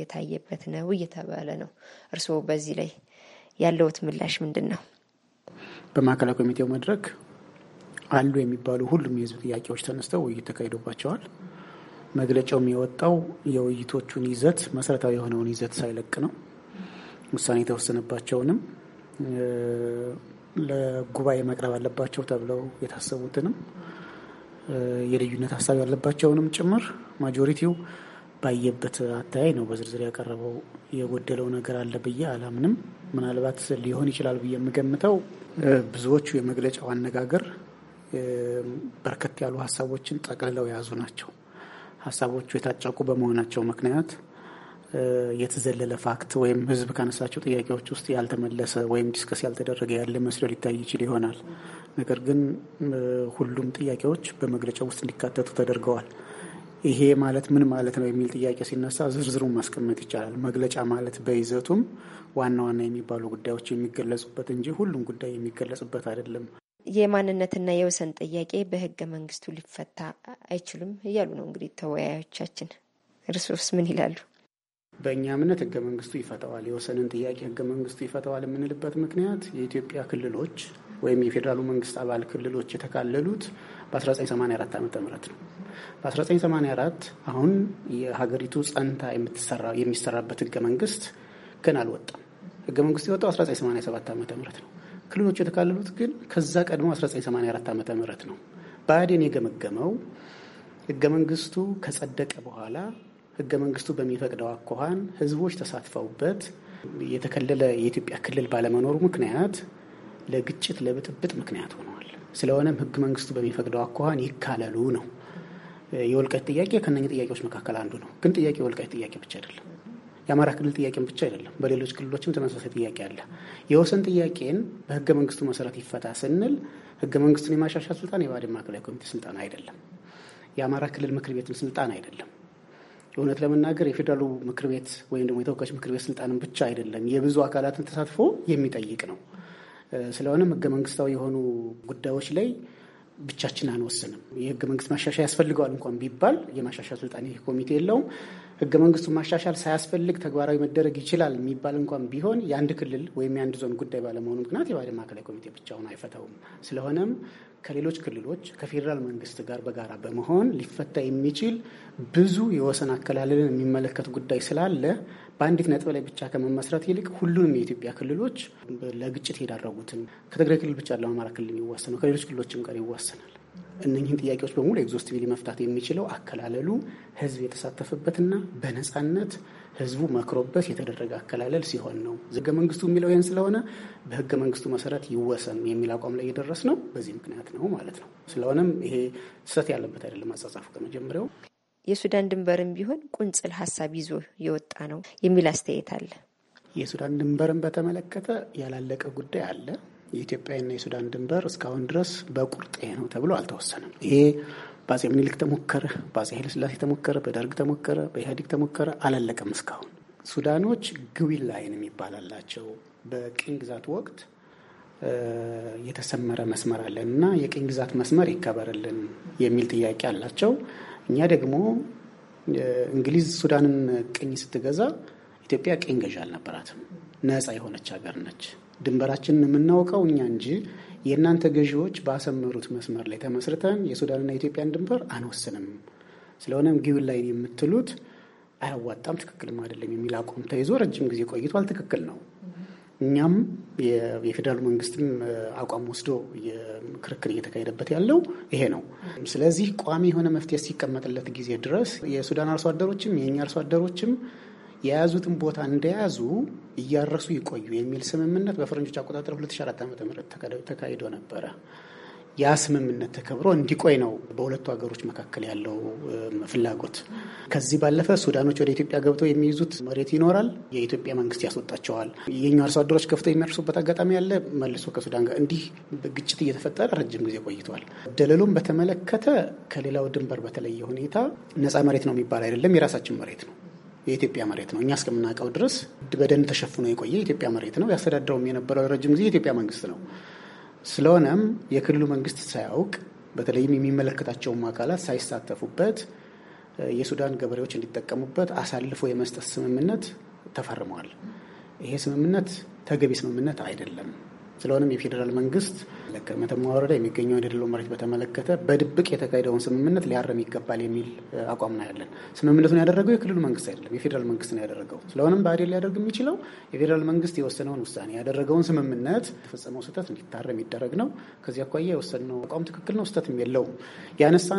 የታየበት ነው እየተባለ ነው። እርስዎ በዚህ ላይ ያለውት ምላሽ ምንድን ነው? በማዕከላዊ ኮሚቴው መድረክ አሉ የሚባሉ ሁሉም የህዝብ ጥያቄዎች ተነስተው ውይይት ተካሂዶባቸዋል። መግለጫውም የወጣው የውይይቶቹን ይዘት መሰረታዊ የሆነውን ይዘት ሳይለቅ ነው። ውሳኔ የተወሰነባቸውንም ለጉባኤ መቅረብ አለባቸው ተብለው የታሰቡትንም የልዩነት ሀሳብ ያለባቸውንም ጭምር ማጆሪቲው ባየበት አተያይ ነው በዝርዝር ያቀረበው። የጎደለው ነገር አለ ብዬ አላምንም። ምናልባት ሊሆን ይችላል ብዬ የምገምተው ብዙዎቹ የመግለጫው አነጋገር በርከት ያሉ ሀሳቦችን ጠቅልለው የያዙ ናቸው። ሀሳቦቹ የታጨቁ በመሆናቸው ምክንያት የተዘለለ ፋክት ወይም ሕዝብ ካነሳቸው ጥያቄዎች ውስጥ ያልተመለሰ ወይም ዲስከስ ያልተደረገ ያለ መስሎ ሊታይ ይችል ይሆናል። ነገር ግን ሁሉም ጥያቄዎች በመግለጫው ውስጥ እንዲካተቱ ተደርገዋል። ይሄ ማለት ምን ማለት ነው የሚል ጥያቄ ሲነሳ ዝርዝሩን ማስቀመጥ ይቻላል። መግለጫ ማለት በይዘቱም ዋና ዋና የሚባሉ ጉዳዮች የሚገለጹበት እንጂ ሁሉም ጉዳይ የሚገለጽበት አይደለም። የማንነትና የወሰን ጥያቄ በህገ መንግስቱ ሊፈታ አይችልም እያሉ ነው እንግዲህ ተወያዮቻችን። እርሶስ ምን ይላሉ? በእኛ እምነት ህገ መንግስቱ ይፈተዋል። የወሰንን ጥያቄ ህገ መንግስቱ ይፈተዋል የምንልበት ምክንያት የኢትዮጵያ ክልሎች ወይም የፌዴራሉ መንግስት አባል ክልሎች የተካለሉት በ1984 ዓ ም ነው። በ1984 አሁን የሀገሪቱ ጸንታ የሚሰራበት ህገ መንግስት ግን አልወጣም። ህገ መንግስቱ የወጣው 1987 ዓ ም ነው። ክልሎች የተካለሉት ግን ከዛ ቀድሞ 1984 ዓ ም ነው። ብአዴን የገመገመው ህገ መንግስቱ ከጸደቀ በኋላ ህገ መንግስቱ በሚፈቅደው አኳኋን ህዝቦች ተሳትፈውበት የተከለለ የኢትዮጵያ ክልል ባለመኖሩ ምክንያት ለግጭት ለብጥብጥ ምክንያት ሆነዋል። ስለሆነም ህገ መንግስቱ በሚፈቅደው አኳኋን ይካለሉ ነው። የወልቃይት ጥያቄ ከነኝ ጥያቄዎች መካከል አንዱ ነው። ግን ጥያቄ የወልቃይት ጥያቄ ብቻ አይደለም። የአማራ ክልል ጥያቄም ብቻ አይደለም። በሌሎች ክልሎችም ተመሳሳይ ጥያቄ አለ። የወሰን ጥያቄን በህገ መንግስቱ መሰረት ይፈታ ስንል ህገ መንግስቱን የማሻሻል ስልጣን የባዴን ማዕከላዊ ኮሚቴ ስልጣን አይደለም። የአማራ ክልል ምክር ቤትም ስልጣን አይደለም። እውነት ለመናገር የፌዴራሉ ምክር ቤት ወይም ደግሞ የተወካዮች ምክር ቤት ስልጣንም ብቻ አይደለም። የብዙ አካላትን ተሳትፎ የሚጠይቅ ነው። ስለሆነም ህገ መንግስታዊ የሆኑ ጉዳዮች ላይ ብቻችን አንወስንም። የህገ መንግስት ማሻሻያ ያስፈልገዋል እንኳን ቢባል የማሻሻል ስልጣን ይህ ኮሚቴ የለውም። ህገ መንግስቱ ማሻሻል ሳያስፈልግ ተግባራዊ መደረግ ይችላል የሚባል እንኳን ቢሆን የአንድ ክልል ወይም የአንድ ዞን ጉዳይ ባለመሆኑ ምክንያት ማዕከላዊ ኮሚቴ ብቻውን አይፈታውም። ስለሆነም ከሌሎች ክልሎች ከፌዴራል መንግስት ጋር በጋራ በመሆን ሊፈታ የሚችል ብዙ የወሰን አከላለልን የሚመለከት ጉዳይ ስላለ በአንዲት ነጥብ ላይ ብቻ ከመመስረት ይልቅ ሁሉንም የኢትዮጵያ ክልሎች ለግጭት የዳረጉትን ከትግራይ ክልል ብቻ ለአማራ ክልል ይወሰነው ከሌሎች ክልሎችም ጋር ይወሰናል። እነኝህን ጥያቄዎች በሙሉ ኤግዞስቲቪሊ መፍታት የሚችለው አከላለሉ ህዝብ የተሳተፈበትና በነጻነት ህዝቡ መክሮበት የተደረገ አከላለል ሲሆን ነው። ህገ መንግስቱ የሚለው ይህን ስለሆነ በህገ መንግስቱ መሰረት ይወሰን የሚል አቋም ላይ የደረስ ነው። በዚህ ምክንያት ነው ማለት ነው። ስለሆነም ይሄ ስህተት ያለበት አይደለም አጻጻፉ ከመጀመሪያው። የሱዳን ድንበርም ቢሆን ቁንጽል ሀሳብ ይዞ የወጣ ነው የሚል አስተያየት አለ። የሱዳን ድንበርን በተመለከተ ያላለቀ ጉዳይ አለ። የኢትዮጵያና የሱዳን ድንበር እስካሁን ድረስ በቁርጥ ነው ተብሎ አልተወሰነም። ይሄ በአጼ ምኒልክ ተሞከረ፣ በአጼ ኃይለስላሴ ተሞከረ፣ በደርግ ተሞከረ፣ በኢህአዴግ ተሞከረ፣ አላለቀም እስካሁን። ሱዳኖች ግዊል ላይን የሚባላላቸው በቅኝ ግዛት ወቅት የተሰመረ መስመር አለን እና የቅኝ ግዛት መስመር ይከበርልን የሚል ጥያቄ አላቸው። እኛ ደግሞ እንግሊዝ ሱዳንን ቅኝ ስትገዛ ኢትዮጵያ ቅኝ ገዢ አልነበራትም። ነፃ የሆነች ሀገር ነች። ድንበራችንን የምናውቀው እኛ እንጂ የእናንተ ገዢዎች ባሰመሩት መስመር ላይ ተመስርተን የሱዳንና የኢትዮጵያን ድንበር አንወስንም፣ ስለሆነም ጊዩን ላይን የምትሉት አያዋጣም፣ ትክክልም አይደለም የሚል አቋም ተይዞ ረጅም ጊዜ ቆይቷል። ትክክል ነው። እኛም የፌዴራሉ መንግስትም አቋም ወስዶ ክርክር እየተካሄደበት ያለው ይሄ ነው። ስለዚህ ቋሚ የሆነ መፍትሄ ሲቀመጥለት ጊዜ ድረስ የሱዳን አርሶ አደሮችም የእኛ አርሶ አደሮችም የያዙትን ቦታ እንደያዙ እያረሱ ይቆዩ የሚል ስምምነት በፈረንጆች አቆጣጠር 2004 ዓ ም ተካሂዶ ነበረ። ያ ስምምነት ተከብሮ እንዲቆይ ነው በሁለቱ ሀገሮች መካከል ያለው ፍላጎት። ከዚህ ባለፈ ሱዳኖች ወደ ኢትዮጵያ ገብተው የሚይዙት መሬት ይኖራል። የኢትዮጵያ መንግስት ያስወጣቸዋል። የኛ አርሶ አደሮች ከፍተው የሚያርሱበት አጋጣሚ ያለ መልሶ ከሱዳን ጋር እንዲህ ግጭት እየተፈጠረ ረጅም ጊዜ ቆይቷል። ደለሉም በተመለከተ ከሌላው ድንበር በተለየ ሁኔታ ነፃ መሬት ነው የሚባል አይደለም፣ የራሳችን መሬት ነው። የኢትዮጵያ መሬት ነው። እኛ እስከምናውቀው ድረስ በደን ተሸፍኖ የቆየ የኢትዮጵያ መሬት ነው። ያስተዳድረውም የነበረው ረጅም ጊዜ የኢትዮጵያ መንግስት ነው። ስለሆነም የክልሉ መንግስት ሳያውቅ በተለይም የሚመለከታቸውም አካላት ሳይሳተፉበት የሱዳን ገበሬዎች እንዲጠቀሙበት አሳልፎ የመስጠት ስምምነት ተፈርመዋል። ይሄ ስምምነት ተገቢ ስምምነት አይደለም። ስለሆነም የፌዴራል መንግስት መተማ ወረዳ የሚገኘው የደድሎ መሬት በተመለከተ በድብቅ የተካሄደውን ስምምነት ሊያረም ይገባል የሚል አቋም ነው ያለን። ስምምነቱን ያደረገው የክልሉ መንግስት አይደለም፣ የፌዴራል መንግስት ነው ያደረገው። ስለሆነም በአዴል ሊያደርግ የሚችለው የፌዴራል መንግስት የወሰነውን ውሳኔ ያደረገውን ስምምነት የተፈጸመው ስህተት እንዲታረም ይደረግ ነው። ከዚህ አኳያ የወሰነው አቋም ትክክል ነው፣ ስህተትም የለውም።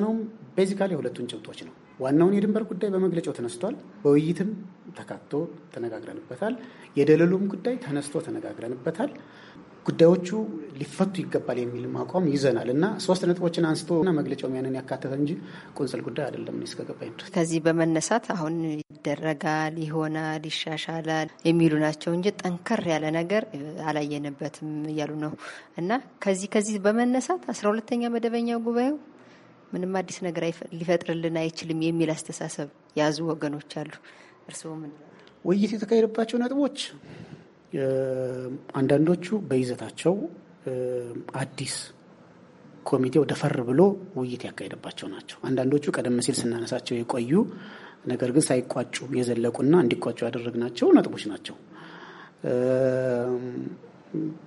ነውም ቤዚካሊ የሁለቱን ጭብጦች ነው። ዋናውን የድንበር ጉዳይ በመግለጫው ተነስቷል። በውይይትም ተካቶ ተነጋግረንበታል። የደለሉም ጉዳይ ተነስቶ ተነጋግረንበታል። ጉዳዮቹ ሊፈቱ ይገባል የሚል አቋም ይዘናል እና ሶስት ነጥቦችን አንስቶ እና መግለጫው ያንን ያካተተ እንጂ ቁንጽል ጉዳይ አይደለም እስከገባኝ ድረስ። ከዚህ በመነሳት አሁን ይደረጋል፣ ይሆናል፣ ይሻሻላል የሚሉ ናቸው እንጂ ጠንከር ያለ ነገር አላየንበትም እያሉ ነው እና ከዚህ ከዚህ በመነሳት አስራ ሁለተኛ መደበኛ ጉባኤው ምንም አዲስ ነገር ሊፈጥርልን አይችልም የሚል አስተሳሰብ የያዙ ወገኖች አሉ። እርስዎ ምን ውይይት የተካሄደባቸው ነጥቦች አንዳንዶቹ በይዘታቸው አዲስ ወደ ፈር ብሎ ውይይት ያካሄደባቸው ናቸው። አንዳንዶቹ ቀደም ሲል ስናነሳቸው የቆዩ ነገር ግን ሳይቋጩ የዘለቁና እንዲቋጩ ያደረግናቸው ነጥቦች ናቸው።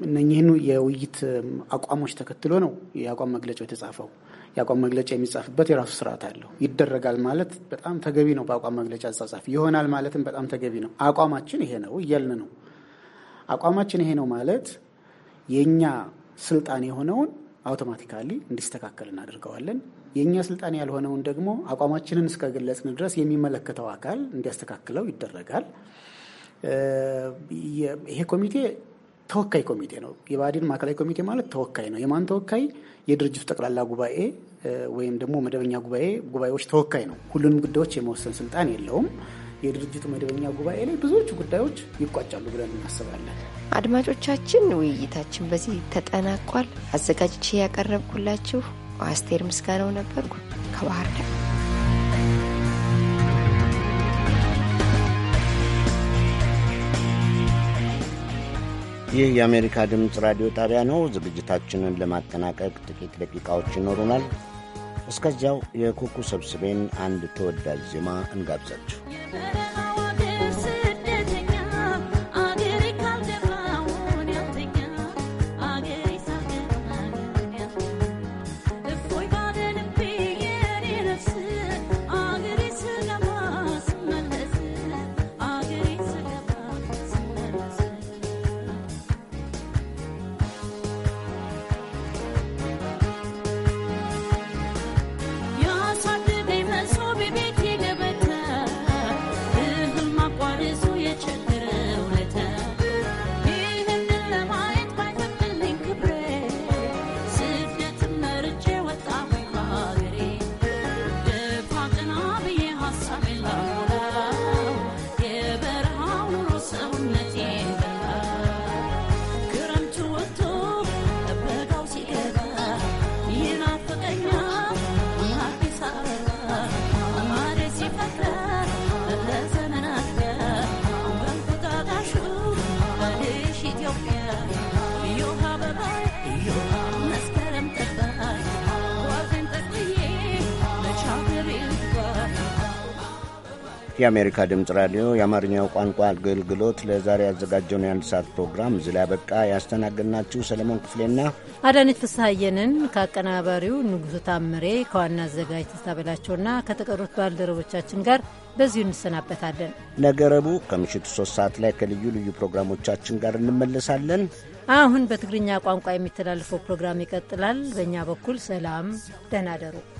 እነኚህን የውይይት አቋሞች ተከትሎ ነው የአቋም መግለጫው የተጻፈው። የአቋም መግለጫ የሚጻፍበት የራሱ ስርዓት አለው። ይደረጋል ማለት በጣም ተገቢ ነው። በአቋም መግለጫ አጻጻፍ ይሆናል ማለትም በጣም ተገቢ ነው። አቋማችን ይሄ ነው እያልን ነው አቋማችን ይሄ ነው ማለት የእኛ ስልጣን የሆነውን አውቶማቲካሊ እንዲስተካከል እናደርገዋለን። የእኛ ስልጣን ያልሆነውን ደግሞ አቋማችንን እስከገለጽን ድረስ የሚመለከተው አካል እንዲያስተካክለው ይደረጋል። ይሄ ኮሚቴ ተወካይ ኮሚቴ ነው። የብአዴን ማዕከላዊ ኮሚቴ ማለት ተወካይ ነው። የማን ተወካይ? የድርጅቱ ጠቅላላ ጉባኤ ወይም ደግሞ መደበኛ ጉባኤ ጉባኤዎች ተወካይ ነው። ሁሉንም ጉዳዮች የመወሰን ስልጣን የለውም። የድርጅቱ መደበኛ ጉባኤ ላይ ብዙዎቹ ጉዳዮች ይቋጫሉ ብለን እናስባለን። አድማጮቻችን፣ ውይይታችን በዚህ ተጠናቋል። አዘጋጅቼ ያቀረብኩላችሁ አስቴር ምስጋናው ነበርኩ ከባህር ዳር። ይህ የአሜሪካ ድምፅ ራዲዮ ጣቢያ ነው። ዝግጅታችንን ለማጠናቀቅ ጥቂት ደቂቃዎች ይኖሩናል። እስከዚያው የኩኩ ሰብስቤን አንድ ተወዳጅ ዜማ እንጋብዛችሁ። የአሜሪካ ድምፅ ራዲዮ የአማርኛው ቋንቋ አገልግሎት ለዛሬ ያዘጋጀውን የአንድ ሰዓት ፕሮግራም እዚህ ላይ አበቃ። ያስተናገድናችሁ ሰለሞን ክፍሌና አዳነች ፍስሐየንን ከአቀናባሪው ንጉሱ ታምሬ ከዋና አዘጋጅ ተስታበላቸውና ከተቀሩት ባልደረቦቻችን ጋር በዚሁ እንሰናበታለን። ነገ ረቡዕ ከምሽቱ ሶስት ሰዓት ላይ ከልዩ ልዩ ፕሮግራሞቻችን ጋር እንመለሳለን። አሁን በትግርኛ ቋንቋ የሚተላለፈው ፕሮግራም ይቀጥላል። በእኛ በኩል ሰላም፣ ደህና ደሩ።